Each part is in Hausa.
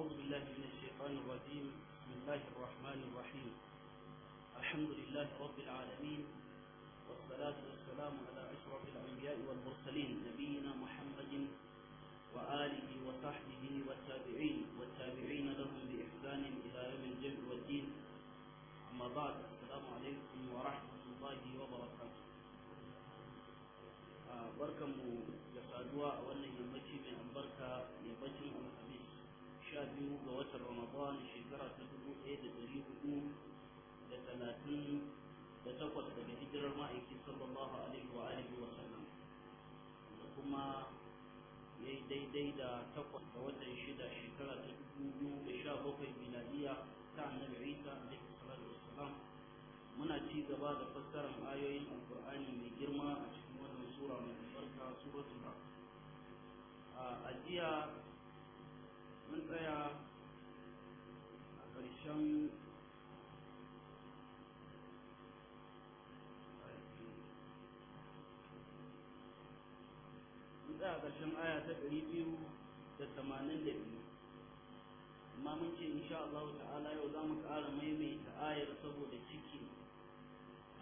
أعوذ بالله من الشيطان الرجيم بسم الله الرحمن الرحيم الحمد لله رب العالمين والصلاة والسلام على أشرف الأنبياء والمرسلين نبينا محمد وآله وصحبه والتابعين والتابعين لهم بإحسان إلى يوم الجمع والدين أما بعد السلام عليكم ورحمة الله وبركاته آه، بركة saduwa a watan ramadan shekara ta ya daidai da takwas da watan shida shekara ta dubu biyu da sha bakwai miladiya ta muna ci gaba da fassarar ayoyin mai girma a cikin wannan sura a jiya mun tsaya wajen mun ƙarshen aya ta ɗari biyu da tamanin da biyu amma mun ce insha Allah ta'ala yau za mu ƙara maimaita ayar saboda ciki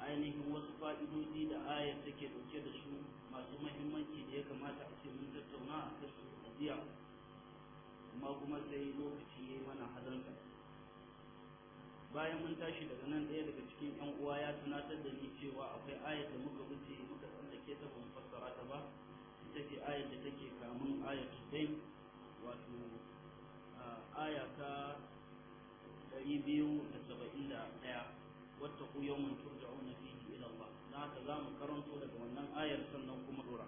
ainihin wasu fa'idodi da ayar take ɗauke da su masu mahimmanci da ya kamata a ce mun tattauna a kan kuma kuma sai lokaci ya yi mana hadarka bayan mun tashi daga nan ɗaya daga cikin yan uwa ya tunatar da ni cewa akwai ayar da muka wuce muka tsallake ta ba mu fassara ta ba ita ce ayar da take kamun ayar dain wato aya ta ɗari biyu da saba'in da ɗaya wata ku yawmin turja'una fihi ila Allah na haka za mu karanto daga wannan ayar sannan kuma dora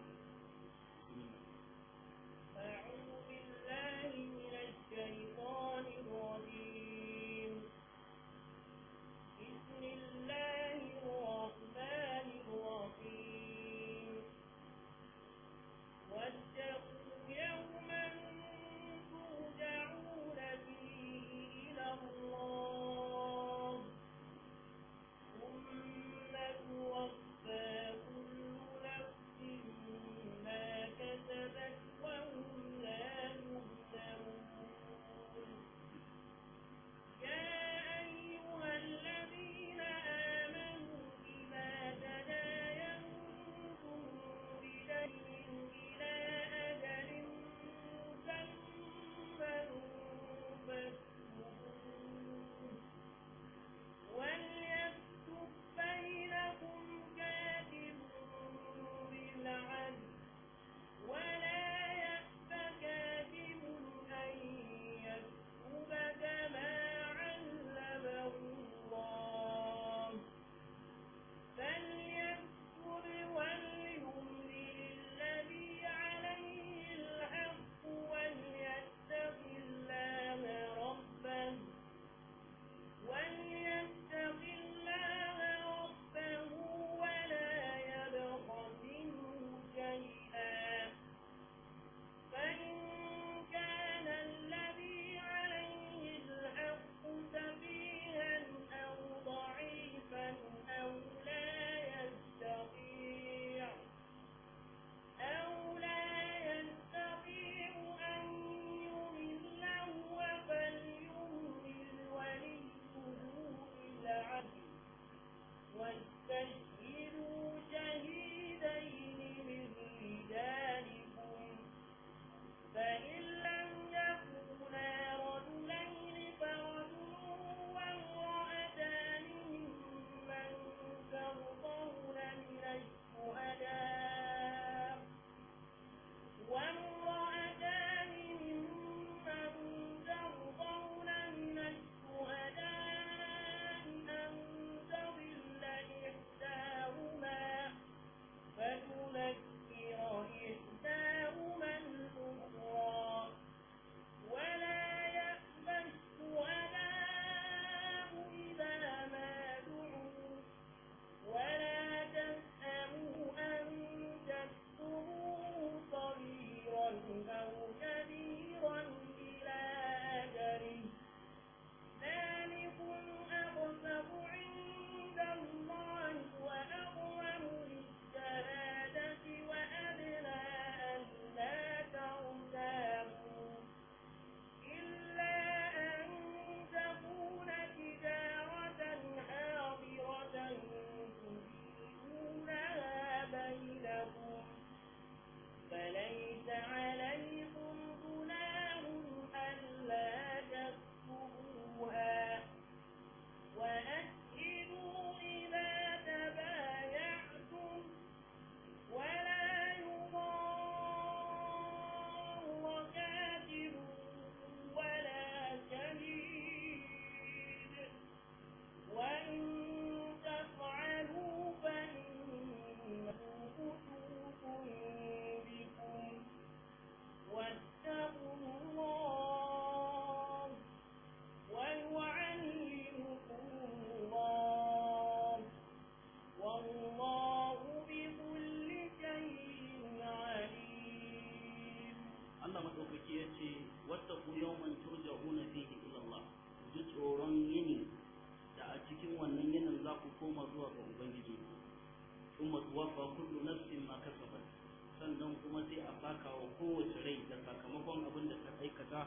rai da sakamakon abin da ta aikata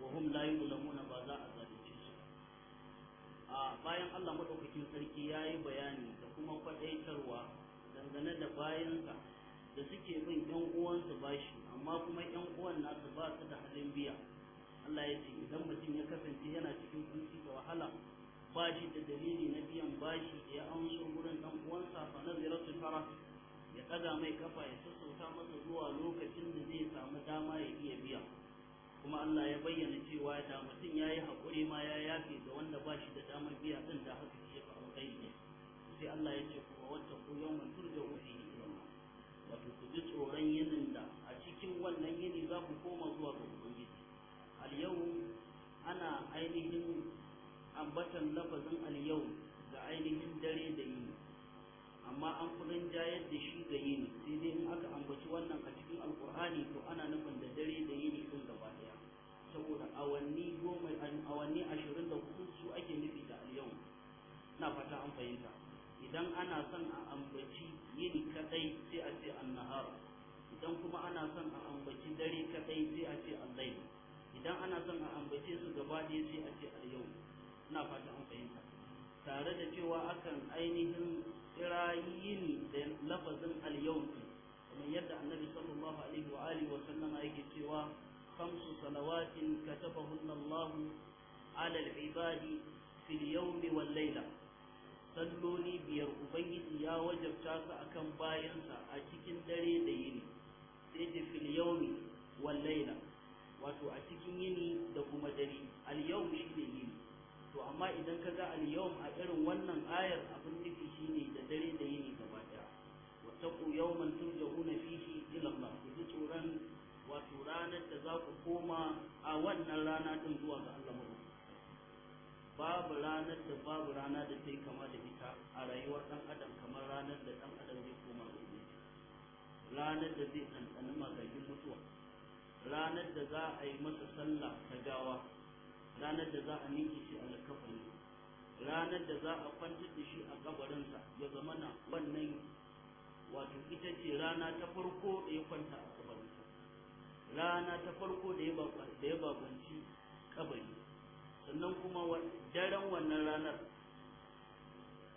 wa hum la ba za a zalunce su a bayan Allah madaukakin sarki ya yi bayani da kuma kwadaitarwa dangane da bayansa da suke bin yan uwansu bashi amma kuma yan uwan nasu ba su da halin biya Allah ya ce idan mutum ya kasance yana cikin kunci da wahala bashi da dalili na biyan bashi ya amso wurin dan uwansa fa su fara ya ɗaga mai kafa ya sassauta masa zuwa lokacin da zai samu dama ya iya biya kuma Allah ya bayyana cewa da mutum ya yi haƙuri ma ya yafe ga wanda ba shi da damar biya ɗin da haka shi ya fi ne sai Allah ya ce kuma wata ku yawan turga wuri wato ku ji tsoron yinin da a cikin wannan yini za ku koma zuwa ga Ubangiji al yau ana ainihin ambatan lafazin al yau ga ainihin dare da yini amma an kudin jayar da shi ga yini sai dai in aka ambaci wannan a cikin alkur'ani to ana nufin da dare da yini sun gaba daya saboda awanni goma awanni ashirin da hudu su ake nufi da alyau na fata an fahimta idan ana son a ambaci yini kadai sai a ce annahar idan kuma ana son a ambaci dare kadai sai a ce an layl idan ana son a ambace su gaba daya sai a ce alyau na fata an fahimta tare da cewa akan ainihin kira da lafazin al-yawm kamar yadda annabi sallallahu alaihi wa alihi wa sallama yake cewa khamsu salawatin katabahunna Allah ala al-ibadi fi al-yawm al layla salloli biyar ubangiji ya wajabta su akan bayansa a cikin dare da yini sai da fil yawmi al layla wato a cikin yini da kuma dare al yawm shine yini to amma idan ka ga al-yawm a irin wannan ayar abin nufi shine da dare da yini gaba daya wa taqu yawman turja'una fihi ila Allah ku ji tsoron wato ranar da za ku koma a wannan rana din zuwa ga Allah babu ranar da babu rana da ta kama da ita a rayuwar dan adam kamar ranar da dan adam zai koma gobe ranar da zai tsantsani magagin mutuwa ranar da za a yi masa sallah ta gawa ranar da za a ninki shi a alkafani ranar da za a kwantar da shi a kabarinsa ya zama na wannan wato ita ce rana ta farko da ya kwanta a kabarinsa rana ta farko da ya babanci kabari sannan kuma daren wannan ranar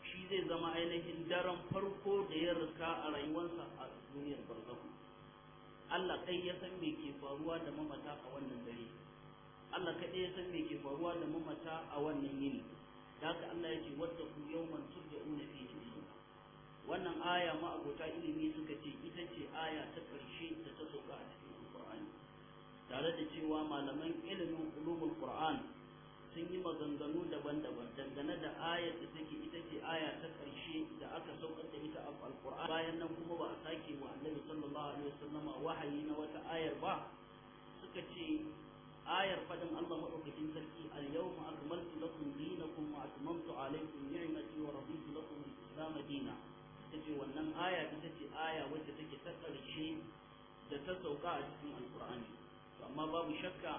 shi zai zama ainihin daren farko da ya rika a rayuwarsa a duniyar barzahu Allah kai ya san me ke faruwa da mamata a wannan dare Allah kaɗai ya san me ke faruwa da mamata a wannan yini da haka Allah ya ce wadda ku yawman turja'una fihi wannan aya ma abota ilimi suka ce ita ce aya ta ƙarshe da ta sauka a cikin alƙur'ani tare da cewa malaman ilimin ulumul qur'an sun yi maganganu daban-daban dangane da ayar da take ita ce aya ta ƙarshe da aka saukar da ita a alƙur'ani bayan nan kuma ba a sake wa annabi sallallahu alaihi wasallam wahayi na wata ayar ba suka ce ayar fadin Allah madaukakin sarki al-yawma akmaltu lakum dinakum wa atmamtu alaykum ni'mati wa raditu lakum al-islam dinan tace wannan aya ita ce aya wacce take ta karshe da ta sauka a cikin alqur'ani to amma babu shakka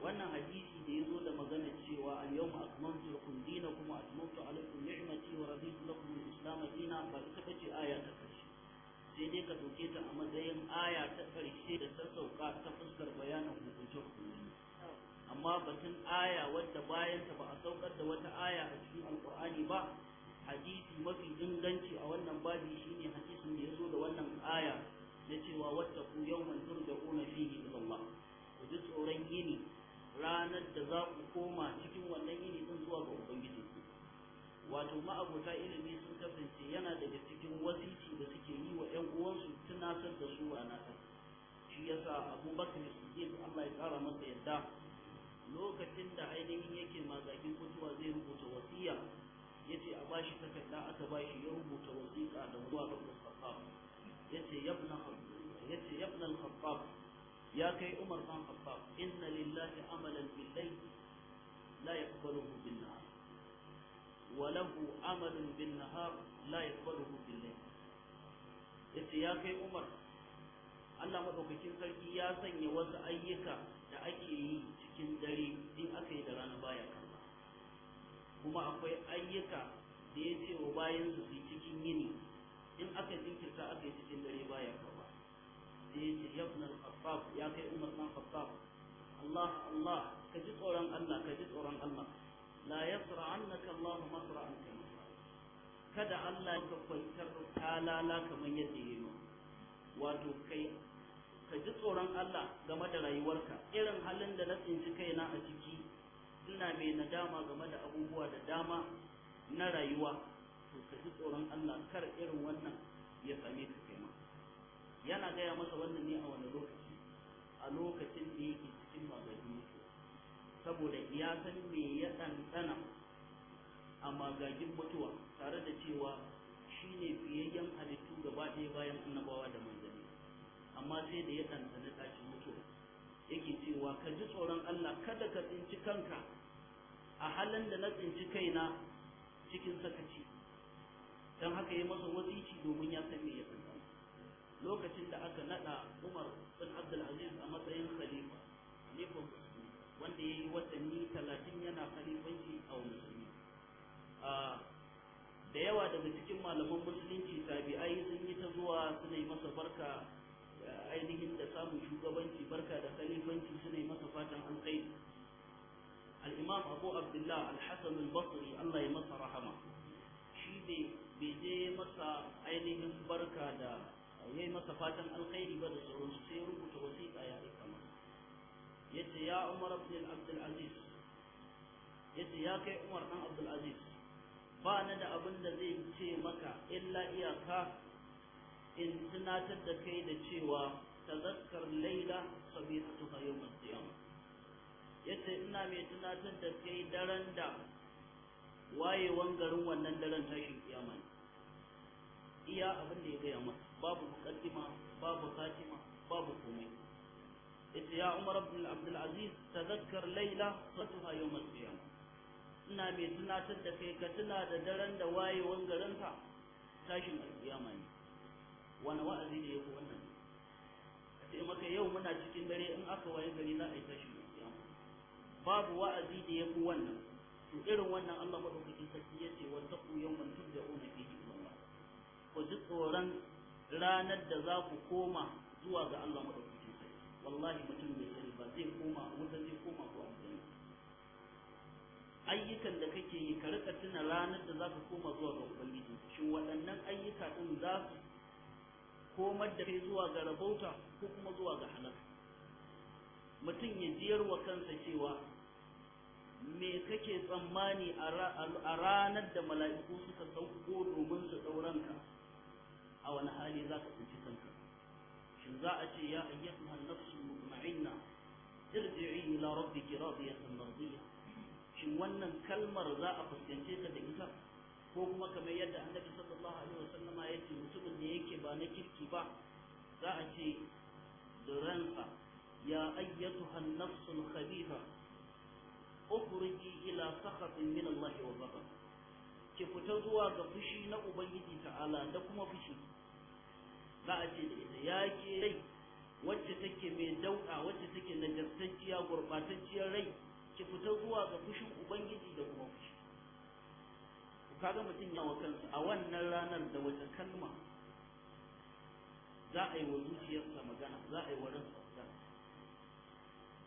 wannan hadisi da yazo da magana cewa al-yawma akmaltu lakum dinakum wa atmamtu alaykum ni'mati wa raditu lakum al-islam dinan ba ita ce aya ta karshe sai dai ka doke ta a matsayin aya ta karshe da ta sauka ta fuskar bayanin hukuncin hukunce amma batun aya wadda bayan ta ba a saukar da wata aya a cikin alkur'ani ba hadisi mafi inganci a wannan babi shine hadisin da yazo da wannan aya na cewa wattaqu yawman turja'una fihi ila Allah ku ji tsoron yini ranar da za ku koma cikin wannan yini din zuwa ga ubangiji wato ma'abota ilimi sun kasance yana daga cikin wasiti da suke yi wa 'yan uwansu tunasar da su a nasa shi yasa abubakar siddiq Allah ya kara masa yadda lokacin da ainihin yake mazakin mutuwa zai rubuta wasiya ya ce a bashi takarda aka bashi ya rubuta wasiƙa da ruwa ga Khattab ya ce ya ce Khattab ya kai Umar dan Khattab inna lillahi amalan la ya la yaqbaluhu bin nahar wa lahu amalun bin nahar la yaqbaluhu bin layl ya ce ya kai Umar Allah madaukakin sarki ya sanya wasu ayyuka da ake yi cikin dare in aka yi da rana baya kama kuma akwai ayyuka da ya ce wa bayan su su cikin yini in aka jinkirta aka yi cikin dare baya kama da ya ce ya ibn al ya kai umar dan khattab Allah Allah ka ji tsoron Allah ka ji tsoron Allah la yasra'annaka Allah masra'an kama kada Allah ka kwantar talala kamar yadda yi wato kai ka ji tsoron Allah game da rayuwarka irin halin da na tsinci kaina a ciki ina mai nadama game da abubuwa da dama na rayuwa to ka ji tsoron Allah kar irin wannan ya same ka kai ma yana gaya masa wannan ne a wani lokaci a lokacin da yake cikin magani saboda ya san me ya ɗanɗana a magagin mutuwa tare da cewa shine fiyayyen halittu gaba ɗaya bayan annabawa da mai amma sai da ya ɗanɗana tashi mutu yake cewa ka ji tsoron Allah kada ka tsinci kanka a halin da na tsinci kaina cikin sakaci don haka ya masa wazici domin ya san me ya san lokacin da aka nada Umar bin Abdul Aziz a matsayin khalifa ko wanda ya watanni talatin yana khalifanci a musulmi da yawa daga cikin malaman musulunci tabi'ai sun yi ta zuwa suna yi masa barka ainihin da samun shugabanci barka da khalifanci suna yi masa fatan an kai al-imam abu abdullah al-hasan al-basri Allah ya masa rahama shi ne bai je masa ainihin barka da yayi masa fatan alkhairi ba da sauransu sai rubuta wasiƙa ya aika masa yace ya umar ibn abdul aziz yace ya kai umar dan abdul aziz ba na da abin da zai ce maka illa iyaka in tunatar da kai da cewa tazakkar laila tuha masu yawmal Ya yace ina mai tunatar da kai daren da wayewan garin wannan daren tashin kiyama iya abin da ya gaya masa babu muqaddima babu katima babu komai yace ya Umar ibn Abdul Aziz tazakkar laila yau masu qiyamah ina mai tunatar da kai ka tuna da daren da wayewan garinka tashin alkiyama ne wani wa'azi ne ya fi wannan sai maka yau muna cikin dare in aka waye gari za a yi tashi babu wa'azi da ya fi wannan to irin wannan Allah madaukakin sarki ya ce wata ku da ona fi ila Allah ku ji tsoron ranar da za ku koma zuwa ga Allah madaukakin sarki wallahi mutum bai sani ba zai koma wuta zai koma ko aljanna ayyukan da kake yi ka rika tuna ranar da za ka koma zuwa ga ubangiji shin waɗannan ayyuka din za su komar da kai zuwa ga rabauta ko kuma zuwa ga halaka mutum ya jiyar wa kansa cewa me kake tsammani a ranar da mala'iku suka sauko domin su ɗauranka a wani hali za ka tsinci kanka shin za a ce ya ayyatu hannafsu mutma'inna irji'i ila rabbiki radiyatan mardiya shin wannan kalmar za a fuskance ka da ita ko kuma kamar yadda annabi sallallahu alaihi wasallama ya ce mutumin da yake ba na kirki ba za a ce da ranka ya ayyatuha nafsul khabitha ukhruji ila sakhatin min Allah wa ghadab ki fita zuwa ga fushi na ubangiji ta'ala da kuma fushi za a ce da ita ya ke rai wacce take mai dauka wacce take najartacciya gurbatacciyar rai ki fita zuwa ga fushin ubangiji da kuma fushi kaga mutum yawa kansa a wannan ranar da wata kalma za a yi wa zuciyarsa magana za a yi wa ransa magana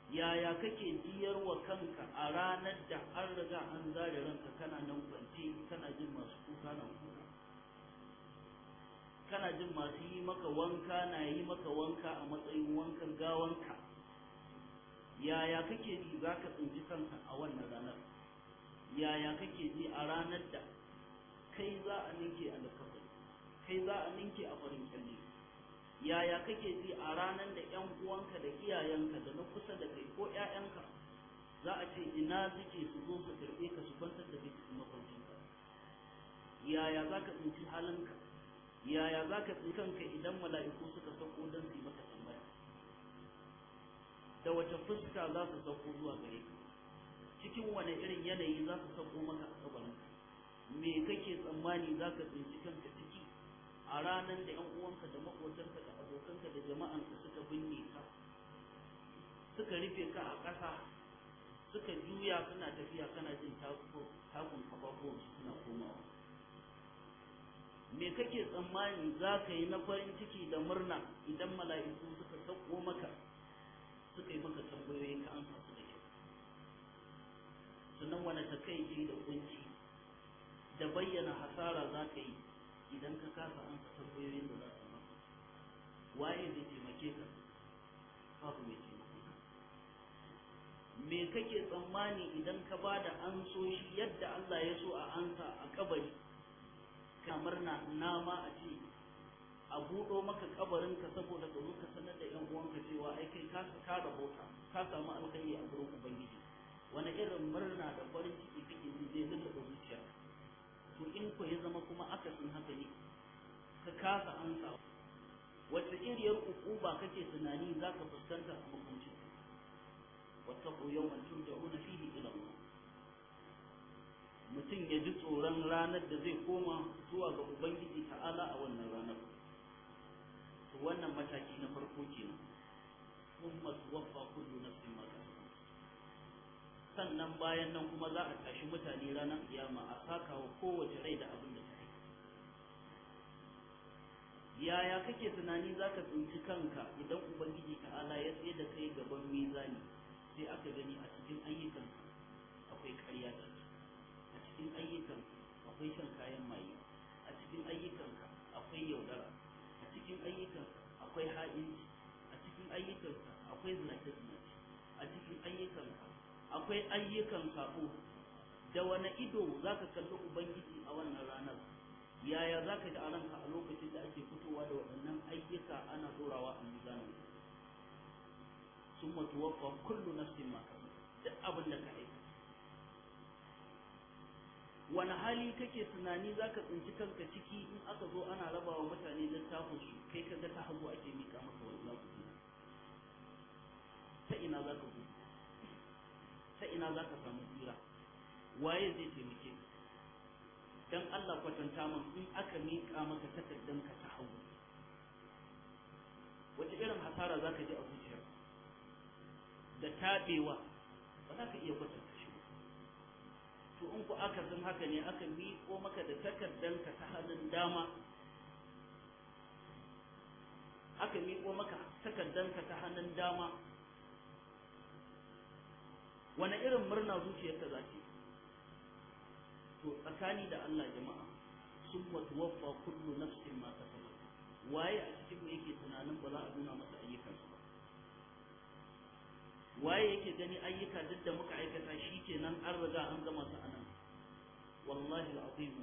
yaya kake diyar wa kanka a ranar da an riga an zare ranka kana nan kwance kana jin masu kuka na kuka kana jin masu yi maka wanka na yi maka wanka a matsayin wankan gawanka yaya kake ji za ka tsinci kanka a wannan ranar yaya kake ji a ranar da kai za a ninke a lakasar kai za a ninke a farin kyalle yaya kake ji a ranar da yan uwanka da iyayenka da na kusa da kai ko ƴaƴanka za a ce ina suke su zo su karɓe ka su kwantar da kai cikin yaya za ka tsinci halinka yaya za ka tsinci kanka idan mala'iku suka sauko don su yi maka tambaya da wace fuska za su sauko zuwa gare ka cikin wane irin yanayi za su sauko maka a kabarinka me kake tsammani za ka tsinci kanka ciki a ranar da yan uwanka da maƙotanka da abokanka da jama'anka suka binne ka suka rufe ka a ƙasa suka juya suna tafiya kana jin takun su suna komawa me kake tsammani za ka yi na farin ciki da murna idan mala'iku suka sauko maka suka yi maka tambayoyi ka amsa su da kyau sannan wani ke da kunci da bayyana hasara za ka yi idan ka kasa amsa tambayoyin da za su maka waye zai taimake ka babu mai taimake ka me kake tsammani idan ka ba da shi yadda Allah ya so a ansa a kabari kamar na nama a ce a buɗo maka kabarin ka saboda ka zo ka sanar da yan uwanka cewa ai kai ka ka ka samu alkhairi a gurin ubangiji wani irin murna da farin ciki kake ji zai da zuciya to in ko ya zama kuma akasin haka ne ka kasa amsa wata iriyar ukuba kake tunani za ka fuskanta a Wata koyon wattaqu yawman turja'una fihi ila mutum ya ji tsoron ranar da zai koma zuwa ga ubangiji ta'ala a wannan ranar to wannan mataki na farko kenan kuma tuwaffa kullu nafsin ma sannan bayan nan kuma za a tashi mutane ranar kiyama a saka wa kowace rai da abin da ta yaya kake tunani za ka tsinci kanka idan ubangiji ta'ala ya tsaye da kai gaban mizani sai aka gani a cikin ayyukan akwai karya a cikin ayyukan akwai shan kayan maye a cikin ayyukan akwai yaudara a cikin ayyukan akwai ha'inci a cikin ayyukan akwai zinace-zinace a cikin ayyukan akwai ayyukan sako da wani ido za ka kalli ubangiji a wannan ranar yaya za ka ji a ranka a lokacin da ake fitowa da waɗannan ayyuka ana zorawa a mizanin sun kullum kullu nafsin maka duk abin da ka aiki wani hali kake tunani za ka tsinci kanka ciki in aka zo ana rabawa mutane littafin su kai ka ga ta hagu ake mika maka wani za ta ina za ka gudu ina za ka samu tsira waye zai taimake ka dan Allah kwatanta min in aka miƙa maka takardan ka ta hagu wace irin hasara za ka ji a zuciyar da taɓewa ba za ka iya kwatanta shi to in ku aka san haka ne aka miƙo maka da takardan ka ta hannun dama aka miƙo maka takardan ka ta hannun dama wani irin murna zuciyarka za ta to tsakani da Allah jama'a sun waffa kullu nafsin ma kama waye a cikin yake tunanin ba za a nuna masa ayyukansu ba waye yake gani ayyuka duk da muka aikata shi nan an riga an gama su nan wallahi al'azim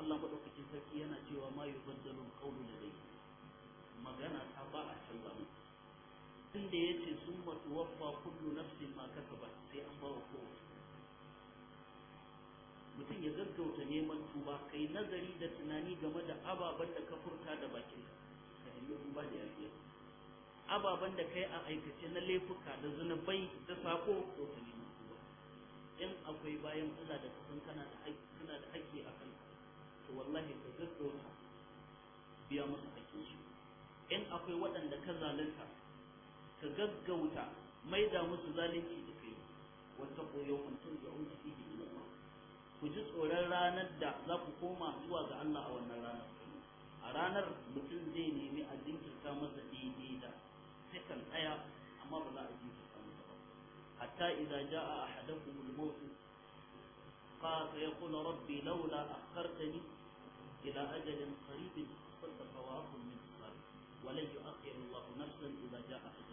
Allah madaukakin sarki yana cewa ma yubaddalu qawlu ladayhi magana ta ba a canza muku inda ya ce sun matuwaffa kullu nafsin ma ba sai an ba wa kowace mutum ya gaggauta neman tuba kai nazari da tunani game da ababen da ka furta da bakin ka nemi ba da yafiya ababen da kai a aikace na laifuka da zunubai da sako ko ka nemi tuba in akwai bayan Allah da kasan kana da haƙƙi kana da haƙƙi a kan to wallahi ka gaggauta biya musu haƙƙin shi. in akwai waɗanda ka zalunta ka gaggauta mai da musu zalunci da kai wata koyon mutum da umma fihi ila ku ji tsoron ranar da za ku koma zuwa ga Allah a wannan ranar a ranar mutum zai nemi a jinkirta masa daidai da sakan ɗaya amma ba za a jinkirta masa ba hatta idan ja'a ahadakum al-maut قال فيقول ربي لولا أخرتني إلى أجل قريب فاستغفر من الصالح ولن يؤخر الله nafsan idan ja a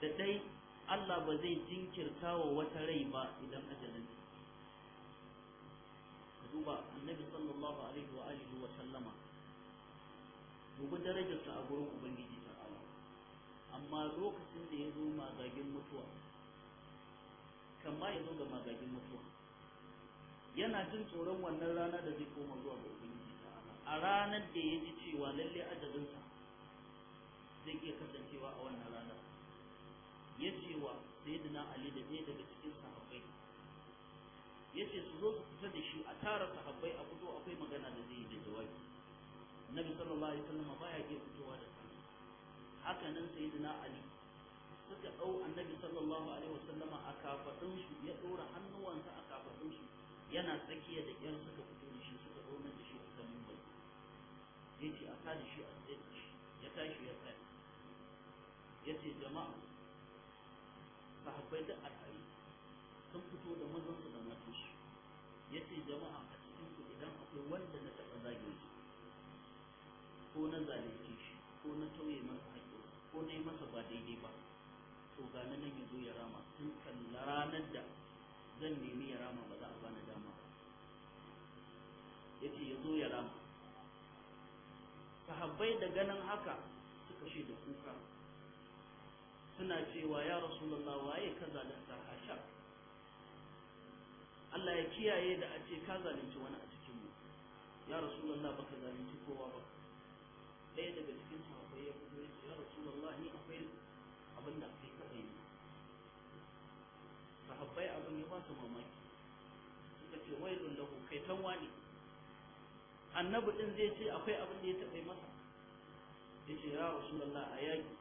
da dai Allah ba zai jinkirta wa wata rai ba idan ajalin ka duba annabi sallallahu alaihi wa alihi wa sallama dubu darajarsa a gurin ubangiji Allah amma lokacin da ya zo magagin mutuwa kamar ya zo ga magagin mutuwa yana jin tsoron wannan rana da zai koma zuwa ga ubangiji Allah a ranar da ya ji cewa lalle sa zai iya kasancewa a wannan ranar ya ce wa sayyidina ali da ɗaya daga cikin sahabbai ya ce su zo su kusa da shi a tara sahabbai a fito akwai magana da zai yi da jawabi nabi sallallahu alaihi wasallam ya iya fitowa da kansa haka nan sayyidina ali suka ɗau annabi sallallahu alaihi wasallama a kafadun shi ya ɗora hannuwansa a kafadun shi yana tsakiya da ƙyar suka fito da shi suka ɗaunar da shi a kan mumbai ya ce a kada shi a tsaye ya tashi ya tsaye ya ce jama'a sahabbai da asali sun fito da mazan su da matan shi yace jama'a a cikin ku idan akwai wanda na taɓa zagin shi ko na zalunci shi ko na tauye masa haƙƙi ko na yi masa ba daidai ba to ga nan ya zo ya rama sun kalla ranar da zan nemi ya rama ba za a bani dama ba yace ya zo ya rama sahabbai da ganin haka suka shi da kuka suna cewa ya rasulullah waye ka zalunta hasha Allah ya kiyaye da a ce ka zalunci wani a cikin mu ya rasulullah baka zalunci kowa ba ɗaya daga cikin sahabbai ya fito ya ce ya rasulullah ni akwai abin da kai kadai ne sahabbai abin ya ba su mamaki suka ce wailun lullahu kai tan wani. annabi din zai ce akwai abin da ya taɓa masa ya ce ya rasulullah a yaki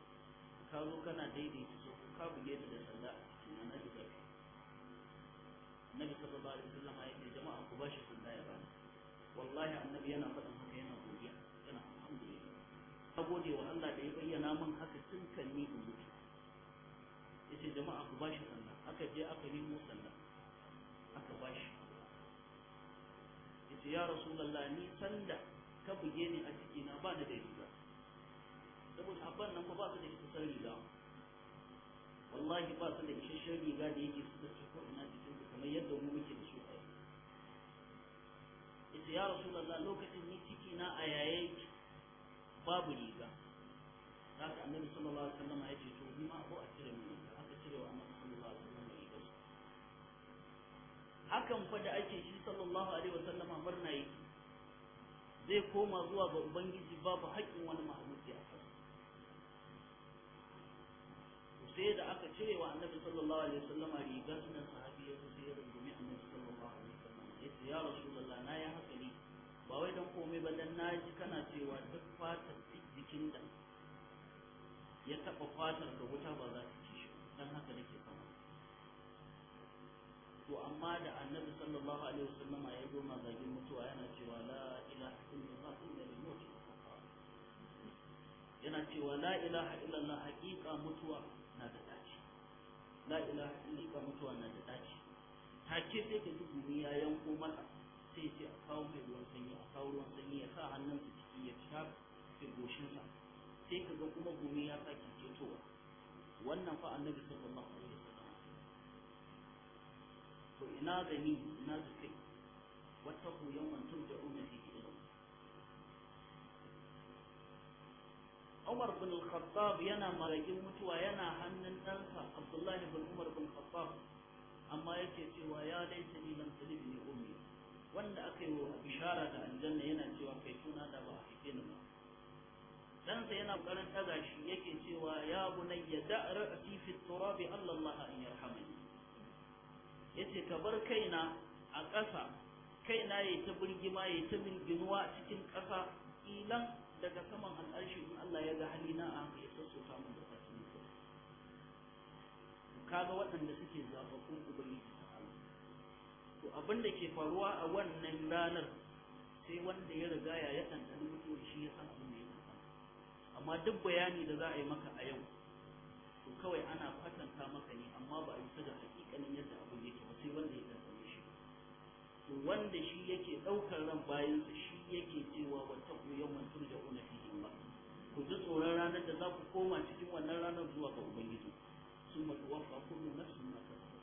ka zo kana daidaita su ka buge su da sanda na nabi da nabi sallallahu alaihi wasallam ya ce jama'a ku bashi sanda ya bani wallahi annabi yana faɗin haka yana godiya yana alhamdulillah ka gode wa Allah da ya bayyana min haka tun kan ni in mutu yace jama'a ku bashi sanda aka je aka nemo sanda aka bashi yace ya rasulullah ni sanda ka buge ni a cikina ba da dalila saboda abban nan ba su da isasshen riga wallahi ba su da isasshen riga da yake suka ci ko ina cikin su kamar yadda mu muke da su kai ita ya rasulullah lokacin ni ciki na a yaye babu riga haka annabi sallallahu alaihi wasallam ya ce to ni ma ko a cire mu aka cire wa annabi sallallahu alaihi wasallam riga hakan fa da ake shi sallallahu alaihi wasallam murna yake zai koma zuwa ga ubangiji babu haƙƙin wani mahaluki a sai da aka cire wa annabi sallallahu alaihi wasallam rigar nan sahabi ya zo sai ya rungumi annabi sallallahu alaihi wasallam ya ce ya rasulullah na ya haka ne ba wai dan komai ba dan naji kana cewa duk fatar jikin da ya taba fatar da wuta ba za ta ci shi dan haka nake fama to amma da annabi sallallahu alaihi wasallam ya goma zagin mutuwa yana cewa la ilaha illallah illa al yana cewa la ilaha illallah haqiqa mutuwa la ilaha illallah mutuwa na da ta ce sai ka ji gumi ya yanko masa sai ce a kawo mai ruwan sanyi a kawo ruwan sanyi ya sa hannun su ciki ya sha sai goshin sa sai ka ga kuma gumi ya sake ketowa wannan fa annabi sallallahu alaihi wasallam to ina da ni ina da kai wata ku yawan turja'u min Umar bin Khattab yana maragin mutuwa yana hannun ɗansa Abdullahi bin Umar bin Khattab amma yake cewa ya laita ni lam talib ni ummi wanda aka yi wa bishara da aljanna yana cewa kai tuna da ba haife ni ba ɗansa yana ƙarin ɗaga shi yake cewa ya bunayya da ra'si fi turabi Allah Allah an yarhamani yace ka bar kaina a ƙasa kaina yayi ta birgima yayi ta birginuwa cikin ƙasa ilan daga saman al'arshi in Allah ya ga hali na a haka ya sassauta mu da kasu kaga waɗanda suke zaɓaɓɓun ubangiji to abin da ke faruwa a wannan ranar sai wanda ya riga ya ya ɗanɗani mutuwar shi ya san abin da ya amma duk bayani da za a yi maka a yau to kawai ana kwatanta maka ne amma ba a yi da hakikanin yadda abin yake ba sai wanda ya ɗanɗani shi to wanda shi yake ɗaukar ran bayansa shi yake cewa wancan ku da turja'una fihi ba ku ji tsoron ranar da za ku koma cikin wannan ranar zuwa ga ubangiji sun wa ku kullu nafsin ma kasabat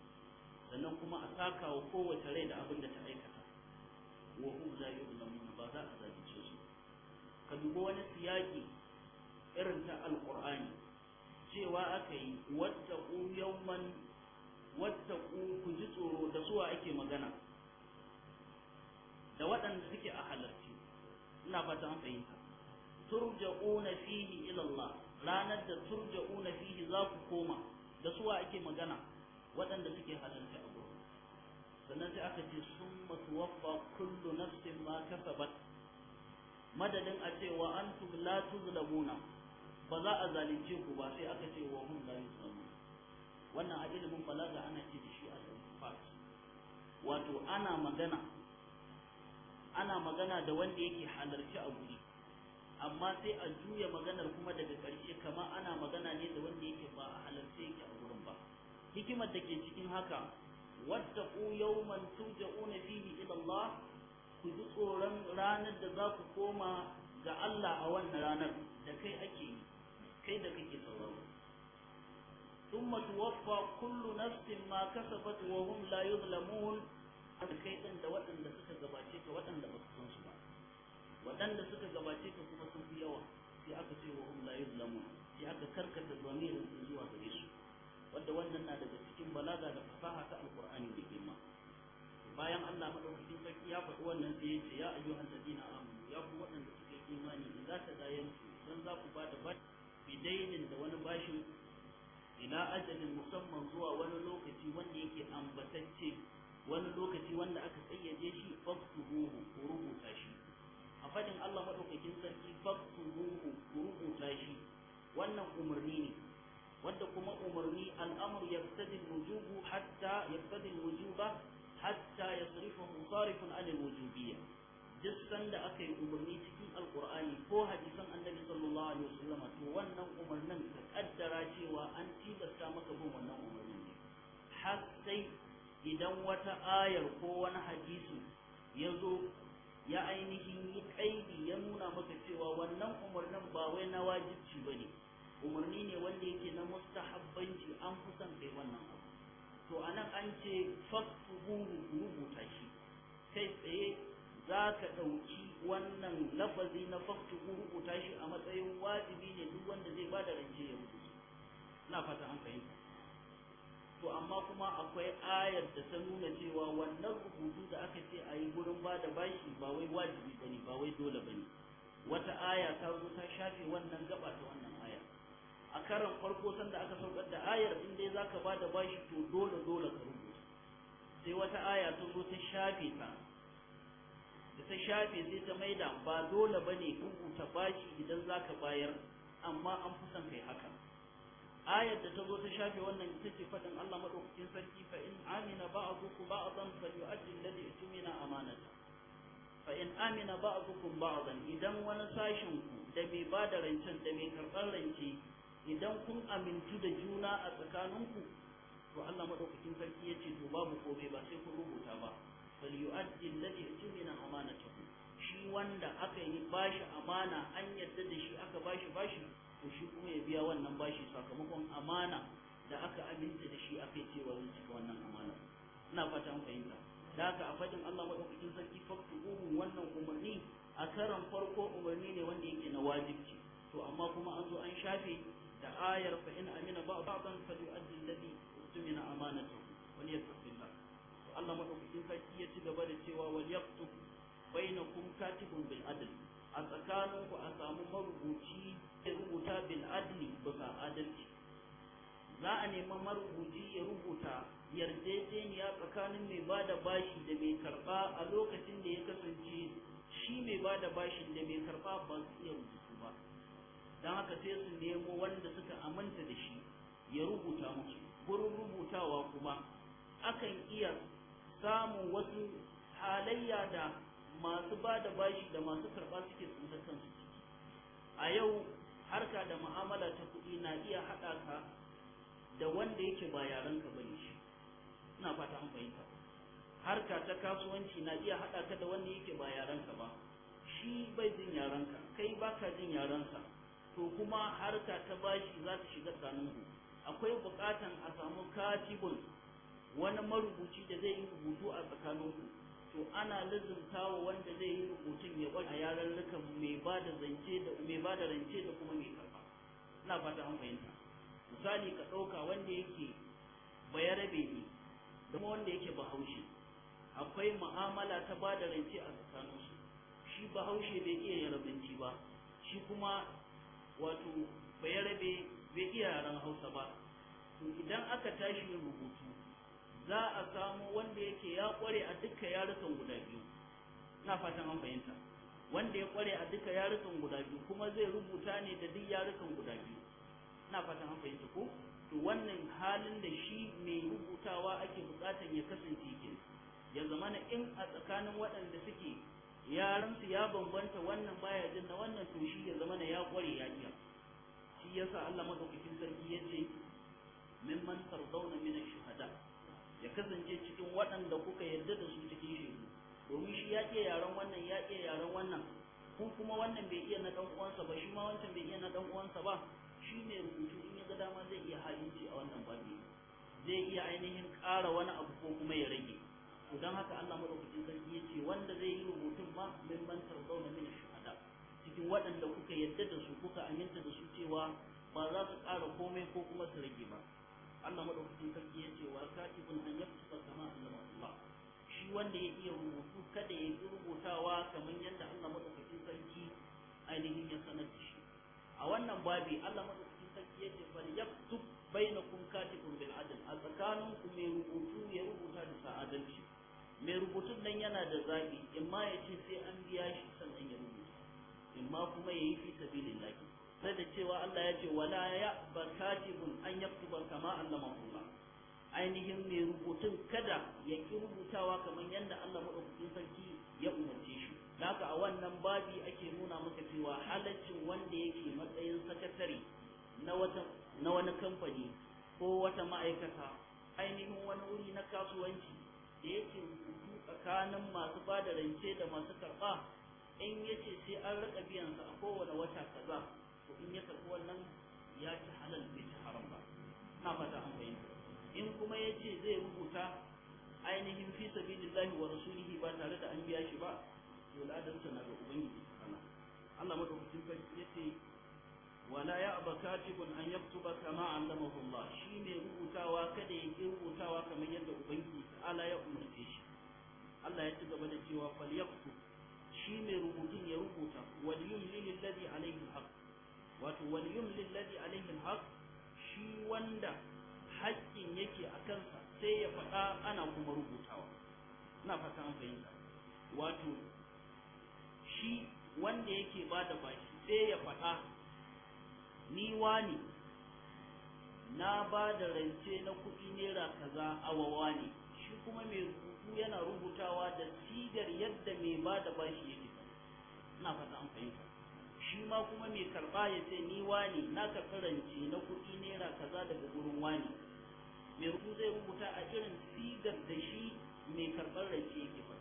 sannan kuma a saka wa kowace rai da abin da ta aikata wa hum la yuzlamuna ba za a zalunce su ka dubo wani siyaki irin ta alqur'ani cewa aka yi wattaqu yawman wattaqu ku ji tsoro da suwa ake magana da waɗanda suke a halarci ina fata an fahimta turja'una fihi ila Allah ranar da turja'una fihi za ku koma da suwa ake magana waɗanda suke halarta a sannan sai aka ce summa tuwaffa kullu nafsin ma kasabat madadin a ce wa antum la tuzlamuna ba za a zalunce ku ba sai aka ce wa hum la yuzlamun wannan a ilimin balaga ana ce shi a wato ana magana ana magana da wanda yake halarci a guri amma sai a juya maganar kuma daga ƙarshe kama ana magana ne da wanda yake ba a halarci yake a gurin ba hikimar da ke cikin haka wattaqu yawman turja'una fihi ila Allah ku ji tsoron ranar da za ku koma ga Allah a wannan ranar da kai ake yi kai da kake sauraro ثم توفى كل نفس ما كسبت وهم لا يظلمون da kai din da waɗanda suka gabace ka waɗanda ba su san su ba waɗanda suka gabace ka kuma sun fi yawa sai aka ce wa hum la yuzlamun sai aka karkata domin su zuwa gare su wanda wannan na daga cikin balaga da fasaha ta alqur'ani da girma bayan Allah madaukakin sarki ya faɗi wannan sai ya ce ya ayyuhan ladina amanu ya ku waɗanda suka yi imani in za ta dayanku dan za ku ba da bidainin da wani bashin ila ajalin musamman zuwa wani lokaci wanda yake ambatacce wani lokaci wanda aka tsayyade shi faktubuhu ku rubuta shi a fadin Allah madaukakin sarki faktubuhu ku rubuta shi wannan umarni ne wanda kuma umarni al'amru yaqtadi al-wujubu hatta ya al-wujuba hatta yasrifahu sarifun an duk sanda aka yi umarni cikin alqur'ani ko hadisan annabi sallallahu alaihi wasallam to wannan umarnin ka kaddara cewa an tilasta maka bin wannan umarnin har sai idan wata ayar ko wani hadisi ya zo ya ainihin yi kaidi ya nuna maka cewa wannan umarnin ba wai na wajibci ba ne umarni ne wanda yake na mustahabbanci an kusan kai wannan abu to a nan an ce fasfuhu rubuta shi kai tsaye za ka ɗauki wannan lafazi na fasfuhu rubuta shi a matsayin wajibi ne duk wanda zai ba da rance ya rubuta na fata an fahimta to amma kuma akwai ayar da ta nuna cewa wannan rubutu da aka ce a yi gurin ba da bashi ba wai wajibi ba ne ba wai dole ba ne wata aya ta zo ta shafe wannan gaba ta wannan aya a karan farko sanda aka saukar da ayar in dai zaka ba da bashi to dole dole ka rubuta sai wata aya ta zo ta shafe ta da ta shafe sai ta maida ba dole ba ne rubuta bashi idan zaka bayar amma an fi son kai hakan. ayar da ta zo ta shafe wannan ita ce faɗin Allah maɗaukakin sarki fa in amina ba'dukum ba'dan falyu'addi alladhi tumina amanata fa in amina ba'dukum ba'dan idan wani sashin ku da mai ba da rancen da mai karɓar rance idan kun amintu da juna a tsakaninku to Allah maɗaukakin sarki ya ce to babu komai ba sai kun rubuta ba falyu'addi alladhi tumina amanata. shi wanda aka yi bashi amana an yadda da shi aka bashi bashi to shi kuma ya biya wannan bashi sakamakon amana da aka aminta da shi a kai cewa zai cika wannan amana ina fata an fahimta da haka a fadin Allah madaukakin sarki faktuhu wannan umarni a karan farko umarni ne wanda yake na wajibci to amma kuma an zo an shafe da ayar fa in amina ba du falyu'addi ladhi tumina amanatahu wal yattaqillah to Allah madaukakin sarki ya ci gaba da cewa wal yaktub bainakum katibun bil adl a tsakaninku a samu marubuci ya rubuta bil adli bisa adalci za a nemi marubuci ya rubuta yarjejeniya tsakanin mai ba da bashi da mai karba a lokacin da ya kasance shi mai ba da bashin da mai karba ba su iya rubutu ba don haka sai su nemo wanda suka aminta da shi ya rubuta musu gurin rubutawa kuma akan iya samun wasu halayya da masu ba da bashi da masu karba suke tsuntar kansu a yau harka da mu'amala ta kuɗi na iya haɗa ka da wanda yake ba yaren ka bane shi ina fata an fahimta harka ta kasuwanci na iya haɗa ka da wanda yake ba yaren ka ba shi bai jin yaren ka kai baka jin yaren sa to kuma harka ta bashi za ta shiga ku akwai bukatan a samu katibun wani marubuci da zai yi rubutu a tsakaninku to ana wa wanda zai yi rubutun ya a yaran lukan mai ba da zance da mai ba da rance da kuma mai karba ina fata an fahimta misali ka ɗauka wanda yake bayarabe ne da kuma wanda yake bahaushe akwai mu'amala ta ba da rance a tsakanin su shi bahaushe bai iya yarabinci ba shi kuma wato bayarabe bai iya yaran hausa ba to idan aka tashi rubutu za a samu wanda yake ya kware a duka yarukan guda biyu na fatan an fahimta wanda ya kware a duka yarukan guda biyu kuma zai rubuta ne da duk yarukan guda biyu na fatan an fahimta ko to wannan halin da shi mai rubutawa ake bukatan ya kasance ke ya zama na in a tsakanin waɗanda suke yaransu ya bambanta wannan baya jin na wannan to shi ya zama na ya kware ya iya shi yasa Allah madaukakin sarki yace mimman tardawna min ash-shuhada' ya kasance cikin waɗanda kuka yarda da su cikin shi. domin shi ya iya yaren wannan ya iya yaren wannan ko kuma wannan bai iya na dan uwansa ba shi ma wancan bai iya na dan uwansa ba shi ne rubutu in ya ga dama zai iya halinci a wannan babi zai iya ainihin ƙara wani abu ko kuma ya rage to don haka Allah madaukakin sarki ya ce wanda zai yi rubutun ma min man na min shuhada cikin waɗanda kuka yarda da su kuka aminta da su cewa ba za su ƙara komai ko kuma su rage ba Allah madaukakin sarki ya ce wa katibun an yafsa kama Allah shi wanda ya iya rubutu kada ya yi rubutawa kamar yadda Allah madaukakin sarki ainihin ya sanar da shi a wannan babi Allah madaukakin sarki ya ce fal yaktub bainakum katibun bil adl a tsakanin ku mai rubutu ya rubuta da sa'adanci mai rubutun nan yana da zabi imma ya ce sai an biya shi sannan ya rubuta imma kuma ya yi fi sabilillahi sai da cewa Allah ya ce wala ya barkatibun an yaktuba kama allama Allah ainihin mai rubutun kada ya ki rubutawa kamar yadda Allah madaukakin sarki ya umarci shi haka a wannan babi ake nuna maka cewa halaccin wanda yake matsayin sakatare na wata wani kamfani ko wata ma'aikata ainihin wani wuri na kasuwanci da yake rubutu tsakanin masu ba da rance da masu karɓa in yace sai an raka biyansa a kowane wata kaza in ya tafi wannan ya ci halal bai ci haram ba na fata an fahimta in kuma ya ce zai rubuta ainihin fi sabilillahi wa rasulihi ba tare da an biya shi ba to ladarsa na ga ubangiji kana Allah madaukakin sarki yace wala ya'ba katibun an yaktuba kama allamahu Allah shine rubutawa kada ya ki rubutawa kamar yadda ubangiji ta'ala ya umarce shi Allah ya ci gaba da cewa fal yaktub shi rubutun ya rubuta wal yumli alladhi alayhi alhaq wato wal yumlil ladhi alayhi alhaq shi wanda haƙƙin yake a kansa sai ya faɗa ana kuma rubutawa ina fatan an fahimta wato shi wanda yake ba da bashi sai ya faɗa ni wani na ba da rance na kuɗi naira kaza awawa ne shi kuma mai rubutu yana rubutawa da sigar yadda mai ba da bashi yake ina fata an fahimta shi ma kuma mai karba ya ce ni wani na ka karanci na kuɗi naira kaza daga gurin wani mai rubu zai rubuta a irin sigar da shi mai karɓar rance yake ba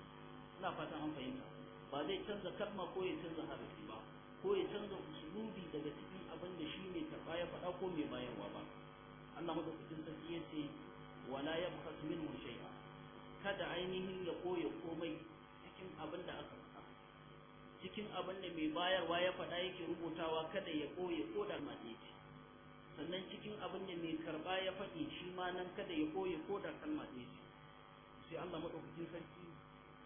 ina fatan an fahimta ba zai canza kalma ko ya canza harafi ba ko ya canza usulubi daga cikin abin da shi mai karɓa ya faɗa ko mai bayarwa ba Allah madaukakin sarki ya ce wala yabhasu minhu shay'a kada ainihin ya koya komai cikin abin da aka cikin abin da mai bayarwa ya faɗa yake rubutawa kada ya ɓoye ko da maɗaici sannan cikin abin da mai karɓa ya faɗi shi ma nan kada ya ɓoye ko da kan sai Allah maɗaukakin sarki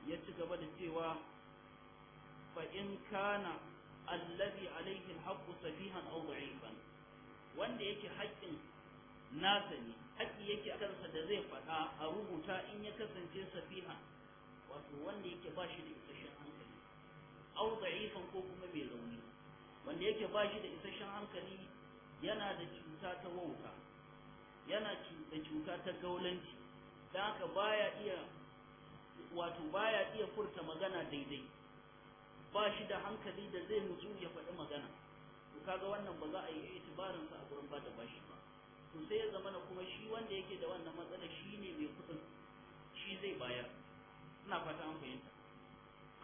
ya ci gaba da cewa fa in kana allazi alaikin alhaqqu safihan aw da'ifan wanda yake haƙƙin nasa ne haƙƙi yake kansa da zai faɗa a rubuta in ya kasance safihan wato wanda yake ba shi da isasshen au da'ifan ko kuma mai rauni wanda yake ba shi da isasshen hankali yana da cuta ta wauta yana da cuta ta gaulanci don haka baya iya wato baya iya furta magana daidai ba shi da hankali da zai nutsu ya faɗi magana to kaga wannan ba za a yi itibarin sa a gurin ba da bashi ba to sai ya zama na kuma shi wanda yake da wannan matsala ne mai kudin shi zai bayar ina fata an fahimta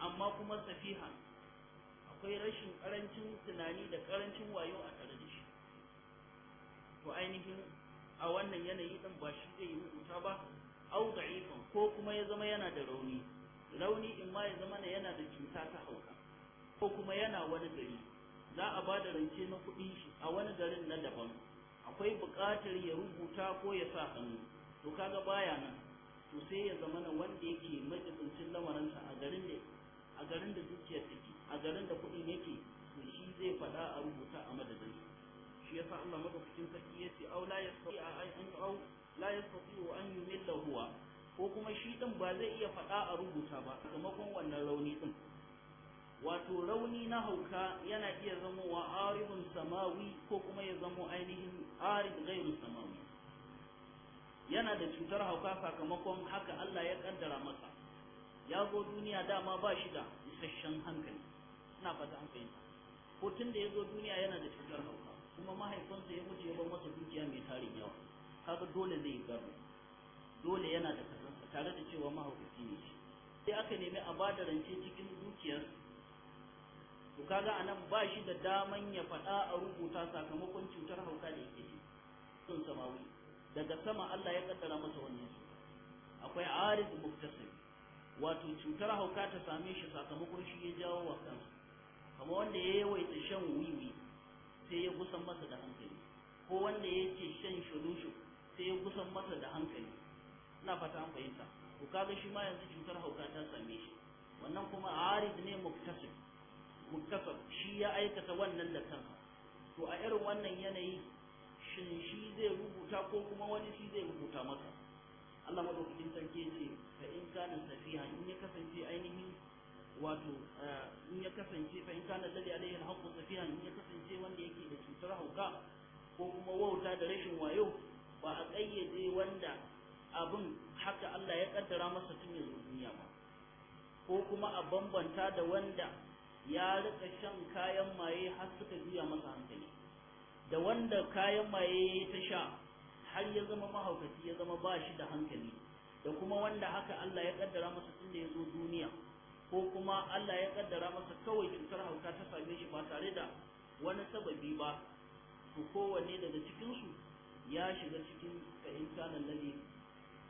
amma kuma safiha akwai rashin karancin tunani da karancin wayo a tare da shi to ainihin a wannan yanayi din ba shi zai yi rubuta ba au da'ifan ko kuma ya zama yana da rauni rauni in ma ya zama yana da cuta ta hauka ko kuma yana wani gari za a ba da rance na kuɗin shi a wani garin na daban akwai buƙatar ya rubuta ko ya sa hannu to kaga baya nan to sai ya zama wanda yake majalisin lamarinsa a garin da jam'iyyar take a garin da kuɗin yake to shi zai faɗa a rubuta a madadin shi yasa Allah madaukakin sarki ya ce au la yastati an au la yastati an yumilla huwa ko kuma shi din ba zai iya faɗa a rubuta ba sakamakon wannan rauni din wato rauni na hauka yana iya zamowa aribun samawi ko kuma ya zamo ainihin arib gairu samawi yana da cutar hauka sakamakon haka Allah ya kaddara masa ya zo duniya dama ba shi da isasshen hankali suna fata an fahimta ko tun da ya zo duniya yana da cutar hauka kuma mahaifinsa ya wuce ya bar masa dukiya mai tarin yawa kaga dole zai gano dole yana da kasansa tare da cewa mahaukaci ne shi sai aka nemi a ba da rance cikin dukiyar to kaga anan ba shi da daman ya faɗa a rubuta sakamakon cutar hauka da yake ke? sun samawi daga sama Allah ya kaddara masa wannan akwai arid muktasib wato cutar hauka ta same shi sakamakon shi ya jawo wa kansa kamar wanda ya yawaita shan wiwi sai ya gusan masa da hankali ko wanda yake shan shulushu sai ya gusan masa da hankali ina fata an fahimta ku kaga shi ma yanzu cutar hauka ta same shi wannan kuma arid ne muktasib muktasab shi ya aikata wannan da kansa to a irin wannan yanayi shin shi zai rubuta ko kuma wani shi zai rubuta masa Allah madaukakin sarki ya ce fa in kana safiha in ya kasance ainihin wato in ya kasance fa in kana dalli alaihi alhaqqu safiha in ya kasance wanda yake da cutar hauka ko kuma wauta da rashin wayo ba a kayyade wanda abin haka Allah ya kaddara masa tun yanzu duniya ba ko kuma a bambanta da wanda ya rika shan kayan maye har suka juya masa hankali da wanda kayan maye ta sha har ya zama mahaukaci ya zama ba shi da hankali da kuma wanda haka Allah ya kaddara masa tun da ya zo duniya ko kuma Allah ya kaddara masa kawai cutar hauka ta same shi ba tare da wani sababi ba to kowanne daga cikin ya shiga cikin ka insanan lalle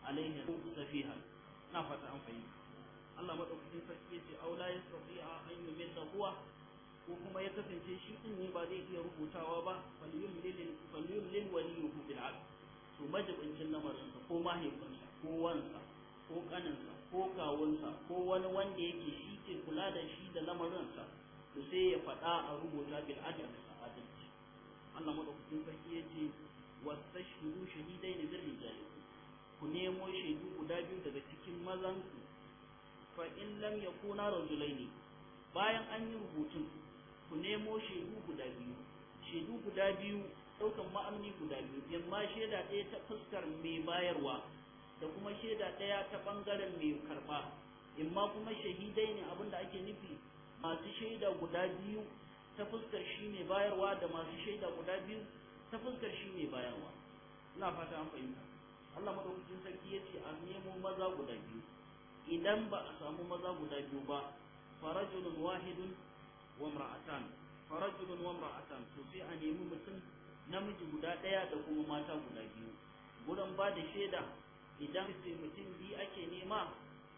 alaihi safiha na fata an fahimta Allah madaukakin sarki yace aula a an yumilla huwa ko kuma ya kasance shi din ne ba zai iya rubutawa ba falyum lil falyum lil bil adl to majibincin lamarinsa ko mahaifinsa ko wansa ko kaninsa ko kawunsa ko wani wanda yake shi ke kula da shi da lamarinsa to sai ya faɗa a rubuta bil adal a adalci Allah madaukakin sarki ya ce wastashhidu shahidain min rijalikum ku nemo shaidu guda biyu daga cikin mazan ku? fa in lam yakuna rajulaini bayan an yi rubutun ku nemo shaidu guda biyu shaidu guda biyu ɗaukan ma'amni guda biyu yamma shaida ɗaya ta fuskar mai bayarwa da kuma shaida ɗaya ta ɓangaren mai karɓa imma kuma shahidai ne abin da ake nufi masu shaida guda biyu ta fuskar shi mai bayarwa da masu shaida guda biyu ta fuskar shi mai bayarwa ina fata an fahimta Allah madaukakin sarki ya ce a nemo maza guda biyu idan ba a samu maza guda biyu ba farajulun wahidun wa mra'atan farajulun wa mra'atan to sai a nemi mutum namiji guda ɗaya da kuma mata guda biyu gurin ba da shaida idan mutum biyu ake nema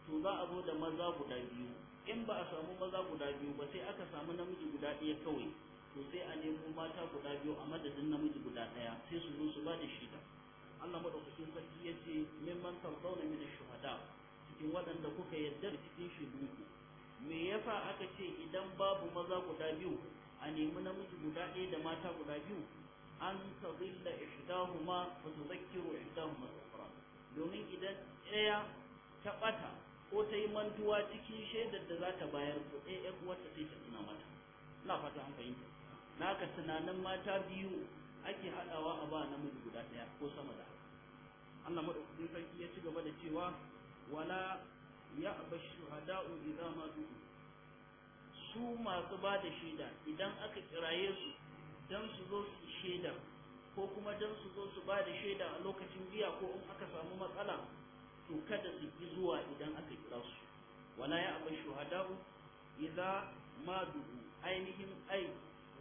to za a zo da maza guda biyu in ba a samu maza guda biyu ba sai aka samu namiji guda ɗaya kawai to sai a nemo mata guda biyu a madadin namiji guda ɗaya sai su zo su ba da shaida Allah madaukakin sarki ya ce mimman tarzauna min shuhada cikin waɗanda kuka yarda da cikin shuhudu me yasa aka ce idan babu maza guda biyu a nemi namiji guda ɗaya da mata guda biyu an tadilla ihdahuma fa tudhakkiru ihdahuma al-ukhra domin idan ɗaya ta bata ko ta yi mantuwa cikin shaidar da za ta bayar ko ɗaya ƴan uwarta sai ta tuna mata ina fata an fahimta Na ka tunanin mata biyu ake haɗawa a ba namiji guda ɗaya ko sama da Allah madaukakin sarki ya ci gaba da cewa wala ya ya'ba shuhada'u idan ma su masu ba da shaida idan aka kiraye su don su zo su shaida ko kuma don su zo su ba da shaida a lokacin biya ko in aka samu matsala to kada su bi zuwa idan aka kira su wala ya abai shuhada'u idza ma du'u ainihin ai